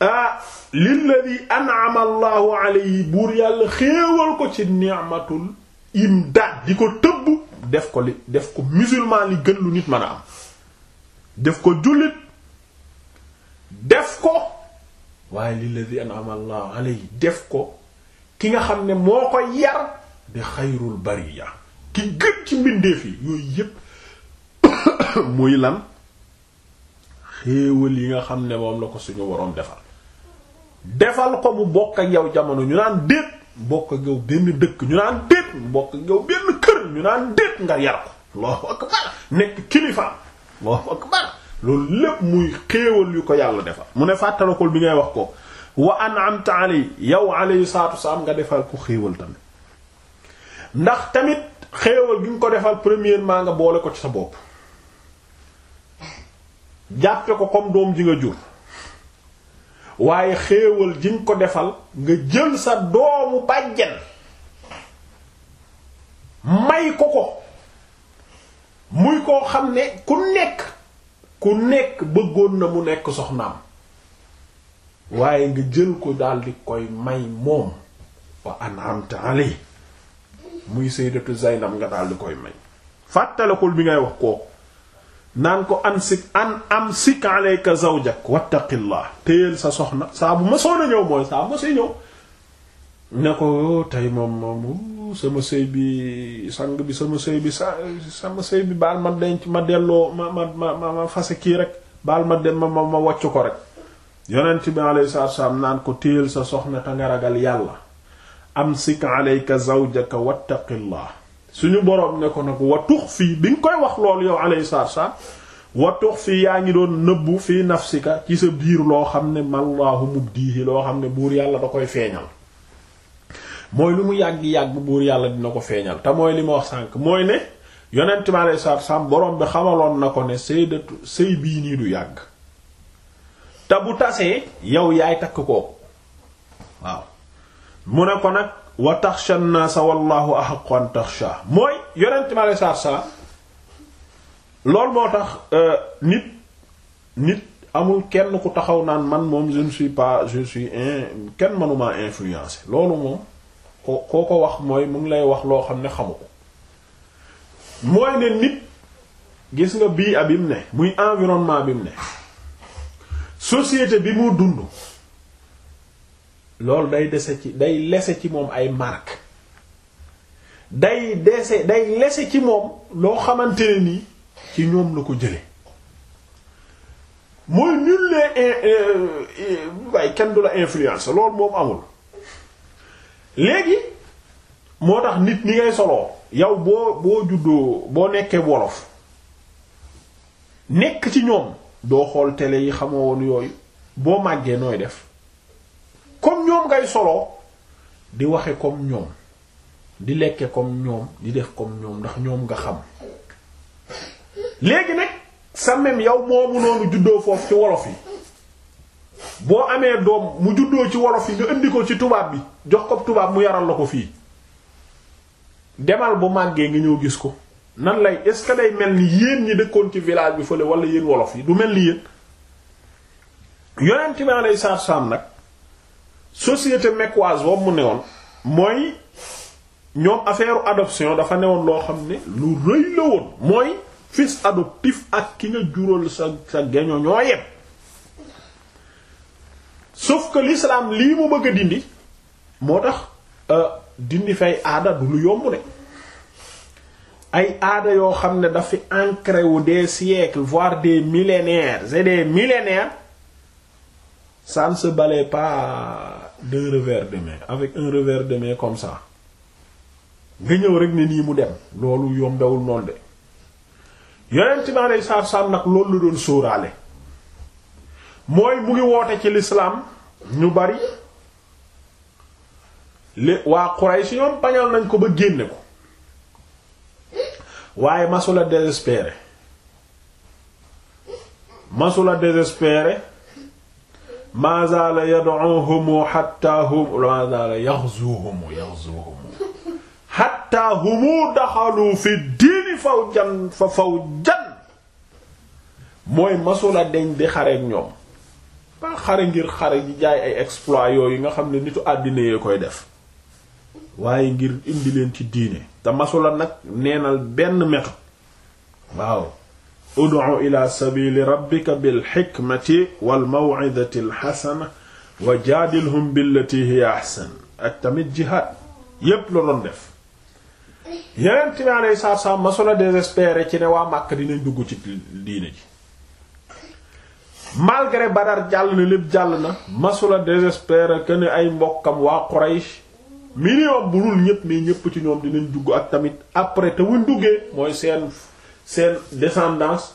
ah lilladi an'ama allahu buur yàlla xéewal ko ci ni'matul imdaad di ko tëbb def ko li def ko musulman li gën lu nit mën a am def ko jullit def ko waaye lilladi an'ama allahu def ko ki nga xam ne moo ko yar di xayrul bariya ki gën ci mbindeef yi yooyu yépp muy lan xéewal yi nga xam ne moom la ko suñu boroom defal defal ko mu bokk ak yow jamono ñu naan déet bokk ak yow benn dëkk ñu naan déet bokk ak yow benn kër ñu naan déet nga yar ko kilifa allahu loolu lépp muy xéewal yu ko yàlla defal mu ne fàttalikul bi ngay wax ko wa an'amta alay yow alayhi salaatu wasalaam nga defal ko xéewal tamit ndax tamit xéewal gi nga ko defal premièrement nga boole ko ci sa bopp jàppe ko comme doom ji nga jur waaye xéewal jiñ ko defal nga jël sa doomu bàjjen may ko ko muy koo xam ne ku nekk ku nekk bëggoon na mu nekk soxnaam waaye nga jël ko daldi koy may moom wa an'amta alayhi muy sayyidatu Zaynab nga di koy may fàttalikul bi ngay wax kooku naan ko am an amsik alayka zawjak wattaqillah téyel sa soxna saa bu ma soon a ñëw mooy saa bu ma see ñëw ne ko oh, tey moom moom oh, sama sëy bi sang bi sama sëy bi sa sama sëy bi baal ma denc ma delloo ma ma ma ma fase kii rek baal ma de ma ma ma wàcc ko rek yonent bi alayhi salaatu wassalaam naan ko téyel sa soxna te nga ragal yàlla amsik alayka zawjaka wattaqillah suñu borom ne ko nag wa fii bi nga koy wax loolu yow alayhi salaatu salaam fii yaa ngi doon nëbbu fii nafsika ci sa biir loo xam ne mallaahu mubdihi loo xam ne buur yàlla da koy feeñal mooy lu mu yàgg-yàgg buur yàlla dina ko feeñal te mooy li ma wax sànk mooy ne yonent mi alayhi salaatu salaam boroom bi xamaloon na ko ne sayyidatu sëy bii nii du yàgg te bu tasee yow yaay takk kooku waaw mu ne ko nag wa taxsha an-naasa wallaahu ahaqqu an taxshaa mooy yonent ma lay saa saa loolu moo tax euh, nit nit amul kenn ku taxaw naan man moom je ne suis pas je suis un kenn mënuma influencer loolu moom koo ko wax mooy mu ngi lay wax loo xam ne xamu ko mooy ne nit gis nga bii abim ne muy environnement bi ne société bi mu dund. loolu day dese ci day lese ci moom ay mark day dese day lese ci moom loo xamante ne nii ci ñoom la ko jële mooy nul ne euh, euh, waaye kenn du la influence lool moom amul léegi moo tax nit ni ngay soloo yow boo boo juddoo boo nekkee wolof nekk ci ñoom doo xool télé yi xamoo woon yooyu boo màggee nooy def comme ñoom ngay soloo di waxe comme ñoom di lekke comme ñoom di def comme ñoom ndax ñoom nga xam léegi nag sa même yow moomu noonu juddoo foofu ci wolof yi boo amee doom mu juddoo ci wolof yi nga indi ko ci tubaab bi jox ko tubaab mu yaral la ko fii demal bu màggee ngi ñëw gis ko nan lay est-ce day mel ni yéen ñi dëkkoon ci village bi fële wala yéen wolof yi du mel ni yéen yonent bi alayhi salaam nag société mecquoise boobu mu newoon mooy ñoom affaire adoption dafa newoon loo xam ne lu rëy la woon mooy fils adoptif ak ki nga jural sa sa geño ñoo yem sauf que l'islam lii mu bëgg a dindi moo tax euh, dindi fay aada du lu yomb de ay aada yoo xam ne dafa ancré wu des siècles voire des millénaires et des millénaires ça ne se deux revers de avec un revers de main comme nga ñëw rek ne nii mu dem loolu yombewul noonu de yonent bi alayhi salaatu nag loolu la doon sóoraale mooy mu ngi woote ci lislaam ñu bari li waa Quraysh ñoom bañal nañ ko ba génne ko waaye masula désespéré masula désespéré ma zaala yad'uhum hatta hum ma zaala yaghzuhum daxalu fi diini fawjan fa fawjan mooy masula deñ di xareek ñoom ba xare ngir xare ji jaay ay exploit yooyu nga xam ne nitu àddina yee koy def waaye ngir indi leen ci diine te masula nag neenal benn méthode waaw ud'u ila sabili rabbika bil hikmati wal maw'izati al wa jaadilhum billati hiya ahsan ak tamit jihaad yépp la doon def yeneen bi aleyhi salaatu wasalaam masula désespéré ci ne waa Màkka dinañ dugg ci diine ji malgré Badar jàll na lépp jàll na masula désespéré que ne ay mbokkam waa Quraysh minimum bu dul ñépp mais ñépp ci ñoom dinañ dugg ak tamit après te wuñ duggee mooy seen seen descendance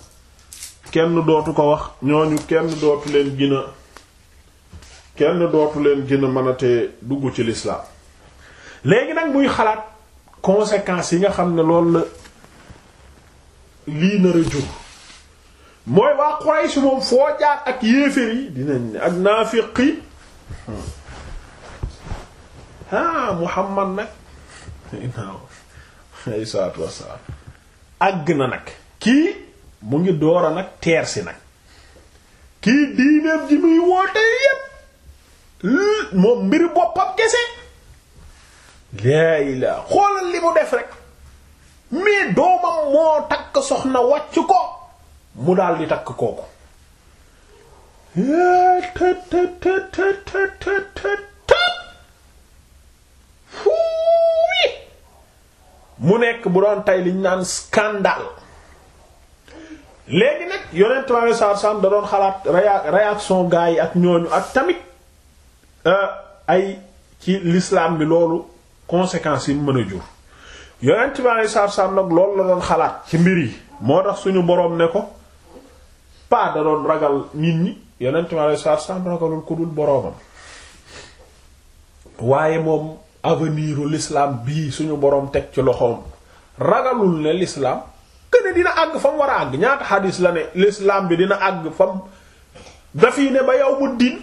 kenn dootu ko wax ñooñu kenn dootu leen gën a kenn dootu leen gën a mën dugg ci lislaam léegi nag muy xalaat conséquences yi nga xam ne loolu la lii nar a jur mooy waa Quraysh moom foo jaar ak yéeféer yi dinañ ak naafiq yi ah Muhammad nag ay salaatu àgg na nag kii mu ngi doora nag teer si nag kii diineem ji muy woote yépp moom mbiri boppam kese laa xoolal li mu def rek mais doomam moo takk soxna wàcc ko mu daal di takk kooku mu nekk bu doon tey liñ naan scandale léegi nag yonent mi aleyhi salaatu salaam da doon xalaat réaction gaa yi ak ñooñu ak tamit euh, ay ci lislaam bi loolu conséquences yi mu mën a jur yonent mi aleyhi salaatu salaam nag loolu la doon xalaat ci mbir yi moo tax suñu boroom ne ko paa da doon ragal nit ñi yonent mi aleyhi salaatu salaam ragalul ku dul boroomam waaye moom avenir u l'islam bii suñu boroom teg ci loxoom ragalul ne l'islam këne dina àgg fam war a àgg ñaata xadis la ne l'islam bi dina àgg fam dafi ne ba yow mu din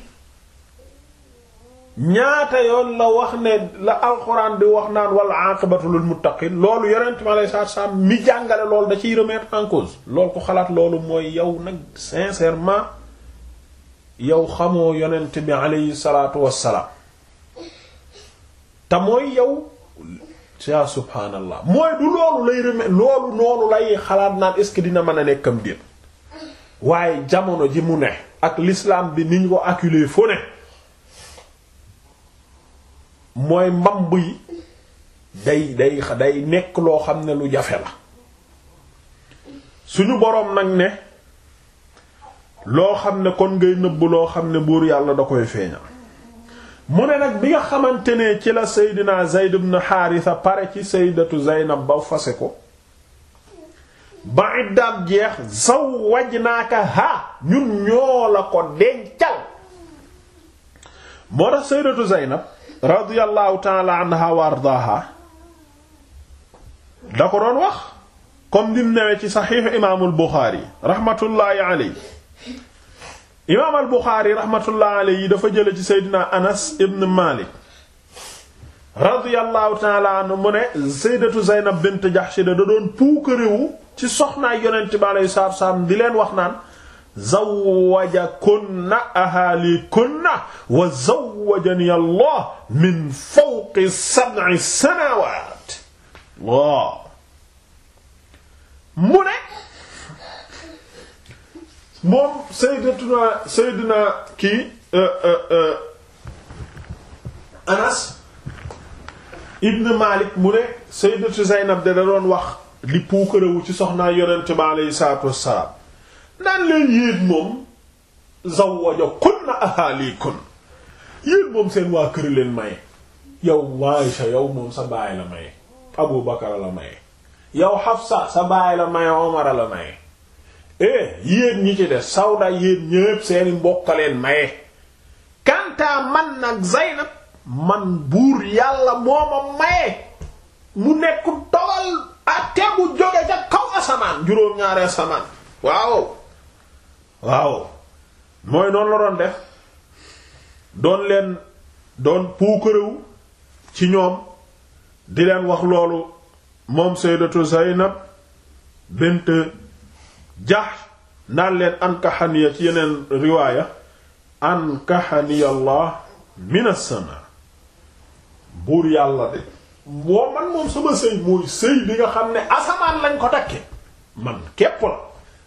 ñaata yoon la wax ne la alxuraan di wax naan wala aqibatu lil muttaqin loolu yonent mi alayhi salaatu salaam mi jàngale lool da ciy remettre en cause ko xalaat loolu mooy yow nag sincèrement yow xamoo yonent bi alayhi salaatu wassalaam te mooy yow yaa subhaanallah mooy du loolu lay reme loolu noonu lay xalaat naan est-ce dina mën a nekkam déet waaye jamono ji mu ne ak lislaam bi niñ ko acculé fu ne mooy mbamb yi day day day nekk loo xam ne lu jafe la suñu boroom nag ne loo xam ne kon ngay nëbb loo xam ne buur yàlla da koy feeñal mu ne nag bi nga xamante ne ci la Seydina Zayd ibn Haarisa pare ci Sayyidatu Zaynab ba fase ko ba iddaam jeex zawwajnaaka ha ñun ñoo la ko dencal moo tax Sayyidatu Zaynab radiyallahu ta'ala anha wa da ko doon wax comme ni newee ci saxiix imaamul Buxaari rahmatullahi alayhi imaam al Buxaari rahmatullah alayhi dafa jële ci Seydina Anas ibn Malik radiyallahu taala anhu mu ne Sayyidatu Zaynab bint Jahsh da doon puukarewu ci soxnaay yonent bi alayhi salaatu salaam di leen wax naan zawwajakunna ahalikunna wa zawwajani Allah min fawqi sab'i sanawaat Allah mu ne moom sayyidatuna sayyidina kii euh, euh, euh, Anas ibn Malik mu ne sayyidatu Zaynab da doon wax li puukarewu ci soxnaa yonente bi aleyhi salaatu wassalaam naan leen yéen moom zawwaja kunna ahaalikun yéen moom seen waa kër leen maye yow Aysa yow moom sa baay la maye Abu Bakar la maye yow Hafsa sa baay la maye Omar la maye eh yéen ñi ci des sawda yéen ñépp seeni mbokkaleen maye kantaa man nag Zaynab man buur yàlla mooma maye mu nekk dogal atte bu jóge ca kaw asamaan juróom-ñaari asamaan waaw waaw mooy noonu la doon def doon leen doon puukarewu ci ñoom di leen wax loolu moom sayyidatu Zaynab bint Jahsh naan leen ankaxaniya ci yeneen riwaaya ankaxaniya Allah mina buur yàlla de boo man moom sama sëy mooy sëy bi nga xam ne asamaan lañ ko takke man képp la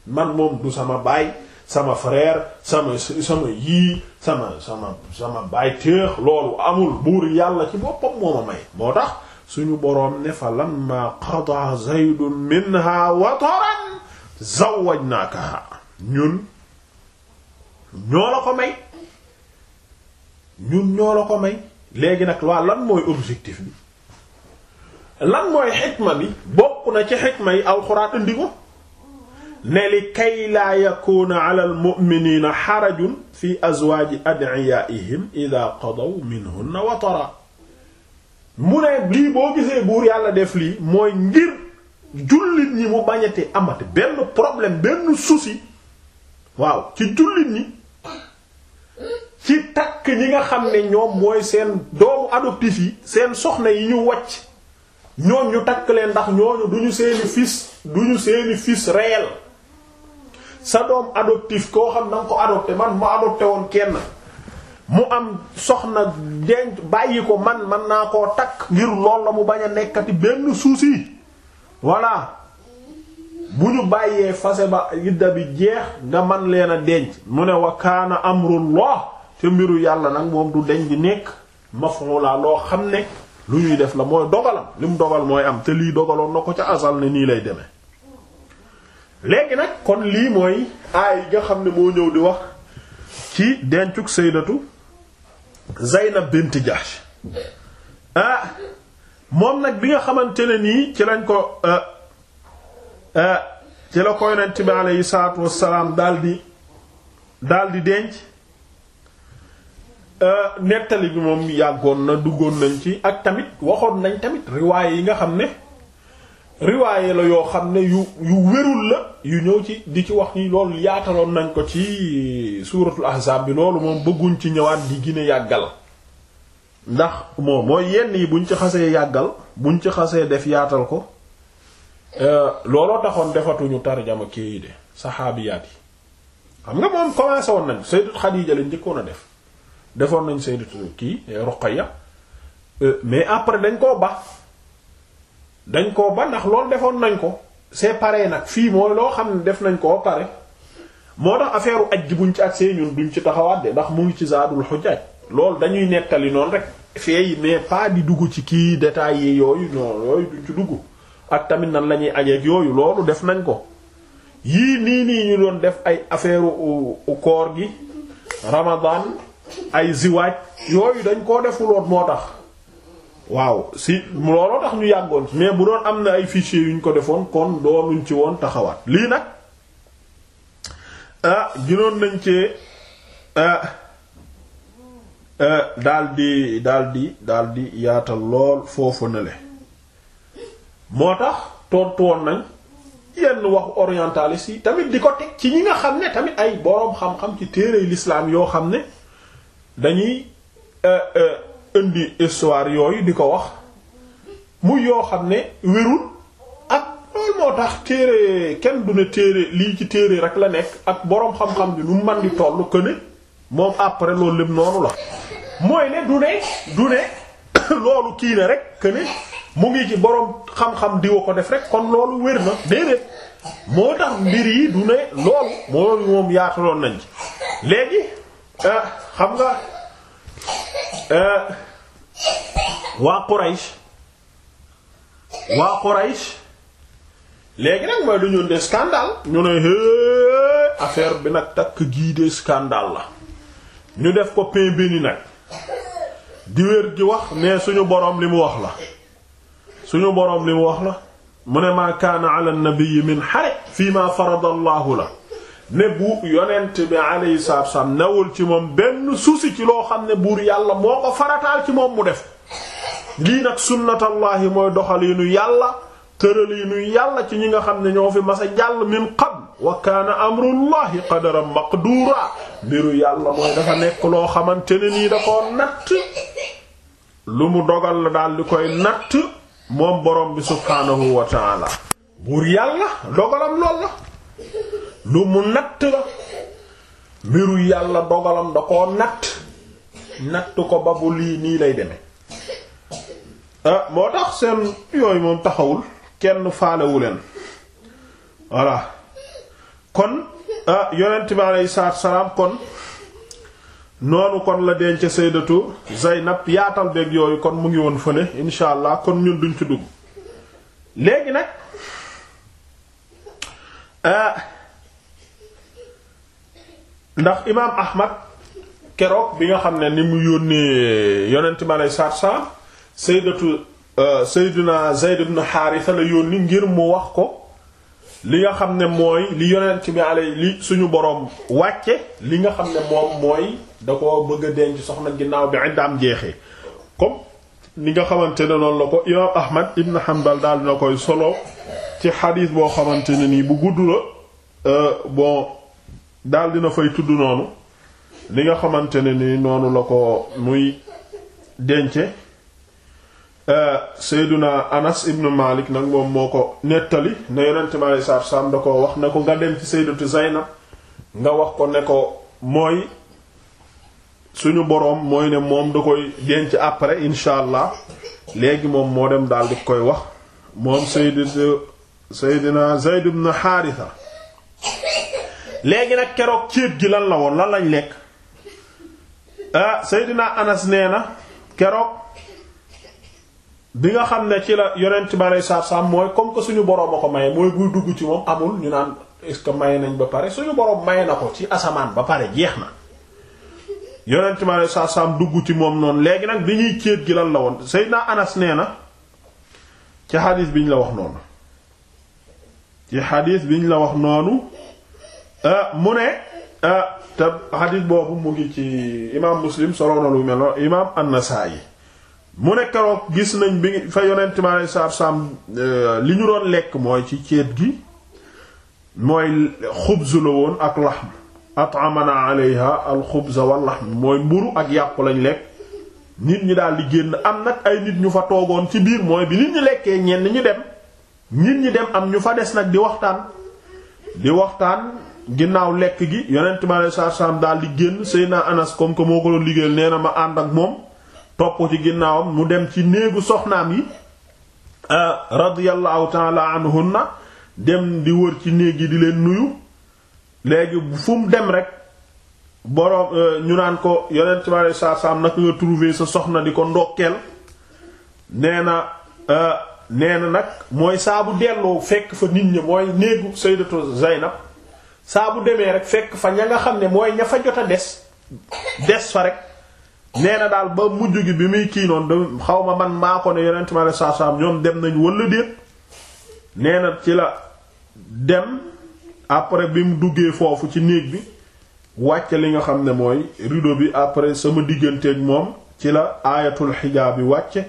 man moom du sama baay sama frère sama sama yii sama sama sama baay téex loolu amul buur yàlla ci boppam moo ma may moo tax suñu boroom ne fa lamma qada zaydun minha wataran zawwajnaakaha ñun ñoo la ko may ñun ñoo la ko may léegi nag waa lan mooy objectif bi lan mooy xikma bi bokk na ci xikma yi alxuraan indi ko ne li kay laa yakuuna ala almu'miniina xarajun fi azwaaji adiyaihim ida qadaw minhunna watara mu ne lii boo gisee buur yàlla def lii mooy ngir jullit ñi mu bañati amati benn problème benn souci waaw ci jullit ñi ci takk ñi nga xam ne ñoom mooy seen doomu adoptif yi seen soxna yi ñu wacc ñoom ñu takk leen ndax ñooñu duñu seeni fils duñu seeni fils réel sa doom adoptif koo xam na nga ko adopté man ma adopté woon kenn mu am soxna denc bàyyi ko man man naa koo takk ngir lool la mu bañ a nekkati benn souci voilà bu ñu bàyyee fase ba idda bi jeex nga man leen a denc mu ne wa kaana amrullah te mbiru yàlla nag moom du deñ di nekk maf'ula loo xam ne lu ñuy def la mooy dogalam li dogal mooy am te lii dogaloon na ko ca asal ne nii lay deme léegi nag kon lii mooy aay yi nga xam ne moo ñëw di wax ci dencuk sayyidatu na bint Jahsh ah moom nag bi nga xamante ne nii ci lañ ko euh, euh, ci la ko yonent bi aleyhi salaatu wassalaam daldi daldi denc euh, nettali bi moom yàggoon na duggoon nañ ci ak tamit waxoon nañ tamit riwaaye yi nga xam ne riwaaye la yoo xam ne yu yu wérul la yu ñëw ci di ci wax ni loolu yaataloon nañ ko ci suuratul ahzaab bi loolu moom bëgguñ ci ñëwaat di gine yàggal ndax moo mooy yenn yi buñ ci xasee yàggal buñ ci xasee def yaatal ko euh, looloo taxoon defatuñu tarjama kii yi de saxaabiyaat yi xam nga moom commencé woon nañ Sayyidatu Xadiija lañ njëkkoon a def defoon nañ Sayyidatu kii euh, Ruqayya euh, mais après dañ koo ba dañ koo ba ndax lool defoon nañ ko c'est pareil nag fii mooy loo xam ne def nañ ko pare moo tax affaire u ajj buñ ci agsee ñun duñ ci taxawaat de ndax mu ngi ci Zaadul Xujjaaj loolu dañuy nettali noonu rek feeyi mais pas di dugg ci kii détails yi yooyu non yooyu duñ ci dugg ak tamit na lañuy ñuy yooyu loolu def nañ ko yii nii nii ñu doon def ay affaire u koor gi ramadan ay ziwaaj yooyu dañ koo defuloon moo tax waaw si looloo tax ñu yàggoon mais bu doon am na ay fichier yuñ ko defoon kon doonuñ ci woon taxawaat lii nag ah ginoon nañ ci ah Euh, daal di daal di daal di yaatal lool foofu na moo tax tontu woon nañ yenn waxu orientaliste yi tamit di ko teg ci ñi nga xam ne tamit ay boroom xam-xam ci téere l'islam yoo xam ne dañuy euh, euh, indi histoire yooyu di ko wax muy yoo xam ne wérul ak loolu tax téere kenn du ne lii ci téere rek la nekk ak boroom xam-xam bi nu man di tollu que ne moom après loolu lépp noonu la mooy ne du ne du ne loolu kii na rek que ne mu ngi ci borom xam diw diwa ko def rek kon loolu wér na déedéet moo tax mbir yi du ne loolu loolu moom yaataloon nañ léegi euh, xam nga euh, waa Quraysh waa Quraysh léegi nag mooy dañu de scandale ñu ne affaire bi nag takk gii de scandale la ñu def ko pain béni nag di wér gi wax ne suñu boroom li mu wax la suñu boroom li mu wax la mu ne maa kaana ala nabii min xare fii ma farada allahu la ne bu yonent bi alayhi salaatu wassalaam newul ci moom benn souci ci loo xam ne buur yàlla moo ko farataal ci moom mu def lii nag sunnatallahi mooy doxaliinu yàlla tëraliinu yàlla ci ñi nga xam ne ñoo fi masa jàll min qabl wa kaana amrullahi qadaran maqduura mbiru yàlla mooy dafa nekk loo xamante ne nii da koo natt lu mu dogal la daal di koy natt moom borom bi subhaanahu wa taala buur yàlla dogalam lool la lu mu natt la mbiru yàlla dogalam da koo natt natt ko ba bu lii nii lay deme ah, moo tax seen yooyu moom taxawul kenn faalewuleen voilà kon ah, yonent bi aleyhi salaatu salaam kon noonu kon la denc sayyidatu Zaynab yaatal beeg yooyu kon mu ngi woon fële insha allah kon ñun duñ ci dugg léegi nag ah, ndax imaam Ahmad keroog bi nga xam ne ni mu yónnee yonent bi aleyhi salaatu salaam sayyidatu ah, sayyiduna Zayd ibn Haarisa la yónni ngir mu wax ko. li nga xam ne mooy li yonent bi alay li suñu boroom wàcce li nga xam ne moom mooy da ko bëgg a denc soxna ginnaaw bi iddaam jeexee comme ni nga xamante ne noonu la ko imaam Ahmad ibn Hanbal daal na koy solo ci xadiis boo xamante ne nii bu gudd la euh, bon daal dina fay tudd noonu li nga xamante ne nii noonu la ko muy dence Euh, Seydina Anas ibn Malik nag moom moo ko nettali ne yonent mi alayhi salaatu salaam da ko wax na ko nga dem ci Sayyidatu Zaynab nga wax ko ne ko mooy suñu boroom mooy ne moom da koy denc après incha allah léegi moom moo dem daal di koy wax moom Seydina Seydina Zayd ibn Haarisa léegi nag keroog céet gi lan la woon lan lañ lekk ah Seydina Anas nee na keroog. bi nga xam ne ci la yonent ba lay saabsaab mooy comme que suñu borom a ko maye mooy buy dugg ci moom amul ñu naan est-ce que maye nañ ba pare suñu borom maye na ko ci asamaan ba pare jeex na. yonent ba lay saabsaab dugg ci moom noonu léegi nag bi ñuy céet gi lan la woon Seydina Anas nee na ci xadiis bi ñu la wax noonu ci bi ñu la wax noonu euh, mu ne euh, te xadiis boobu mu ngi ci imaam Muslim soroon na lu imaam An-Nasaa'i mu ne keroog gis nañ bi fa yonent mi alei salaatu euh, li ñu doon lekk mooy ci ceet gi mooy xubzu la woon ak laxm atamana alayha alxubza wal laxm mooy mburu ak yàpp lañ lekk nit ñi daal di génn am nag ay nit ñu fa toogoon ci biir mooy bi nit ñi lekkee ñenn ñu dem nit ñi dem am ñu fa des nag di waxtaan di waxtaan ginnaaw lekk gi yonent mi alei salaatu salaam daal di génn Seydina Anas comme que moo ko doon liggéeyal nee na ma ànd ak moom topp ci ginnaawam mu dem ci néegu soxnaam yi euh, radiyallahu taala na dem di wër ci néeg yi di leen nuyu léegi fum dem rek boroom euh, ñu naan ko yonent bi aleyhi salaatu salaam naka nga trouver sa soxna di ko ndokkeel nee na euh, nee na nag mooy saa bu delloo fekk fa nit ñi mooy néegu sayyidatu Zaynab saa bu demee rek fekk fa ña nga xam ne mooy ña fa jot a des des fa rek nee na daal ba mujj gi bi muy kii noonu xaw ma man maa ko ne yonent mi alayhi salaatu ñoom dem nañ wala déet nee na ci la dem après bi mu duggee foofu ci néeg bi wàcc li nga xam ne mooy rido bi après sama diggante digganteeg moom ci la aayatul xijaab bi wàcce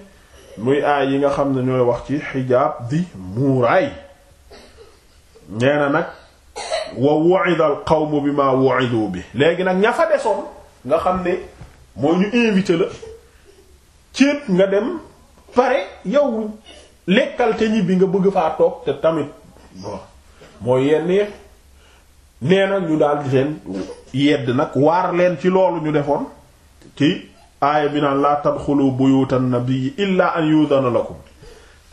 muy aay yi nga xam ne ñooy wax ci xijaab di muuraay nee na nag wa wu'ida al bi bima wu'idu bi léegi nag ña fa desoon nga xam ne mooy ñu invité la céet nga dem pare yow lekkal te ñibbi nga bëgg faa toog te tamit bon yenn yi nee na ñu daal di leen yedd nag waar leen ci loolu ñu defoon ci aaya bi naan laa tadxulu buyutan bi illaa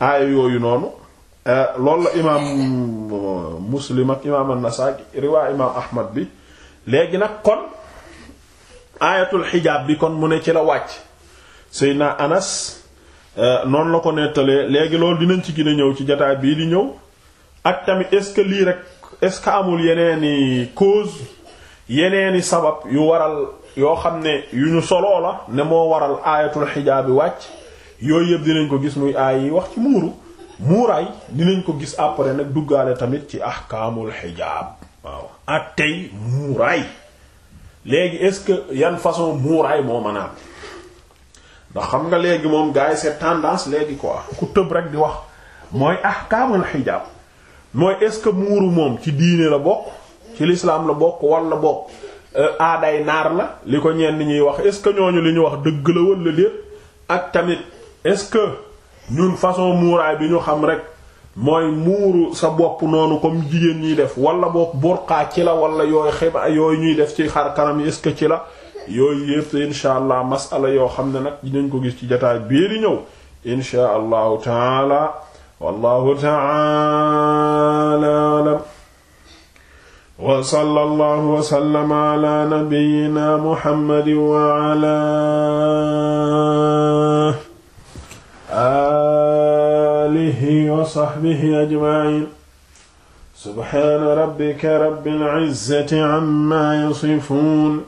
an yooyu noonu euh, loolu la imaam euh, muslim ak imaam an-Nasaa'i imaam Ahmad bi léegi nag kon aayatul xijaab bi kon mu ne ci la wàcc Seydina Anas euh, noonu la ko nettalee léegi loolu dinañ ci gën a ñëw ci jataay bii di ñëw ak tamit est-ce que lii rek est-ce que amul yeneeni cause yeneeni sabab yu waral yoo xam ne yu ñu soloo la ne moo waral aayatul xijaab bi wàcc yooyu yëpp dinañ ko gis muy aay yi wax ci muuru muuraay dinañ ko gis après nag duggaale tamit ci ahkaamul xijaab waaw ak tey muuraay léegi est-ce que yan façon muuraay moo mën a ndax xam nga léegi moom gars yi c'est tendance léegi quoi ku tëb rek di wax mooy ahkaamul xijaab mooy est-ce que muuru moom ci diine la bokk ci l'islam la bokk wala bokk euh, aaday naar la li ko ñenn ñuy wax est-ce que ñooñu li ñu wax dëgg la wala déet ak tamit est-ce que ñun façon muuraay bi ñu xam rek. mooy muuru sa bopp noonu comme jigéen ñuy def wala boog burqaa ci la wala yooyu xiba ñuy def ci xar kanam yi ci la yooyu yëpp incha allah masala yoo xam ne nag dinañ ko gis ci jotaay bii di ñëw inchaa allahu taala wallahu taala alam wa sallallahu wa sallama ala nabiyyina muhammadin wa ala alihi wa sahbihi ajma'in subhaana rabbika rabbil izzati amma yasifuun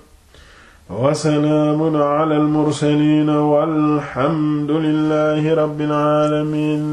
wa salaamun alal mursaliin walhamdu lillahi rabbil aalamiin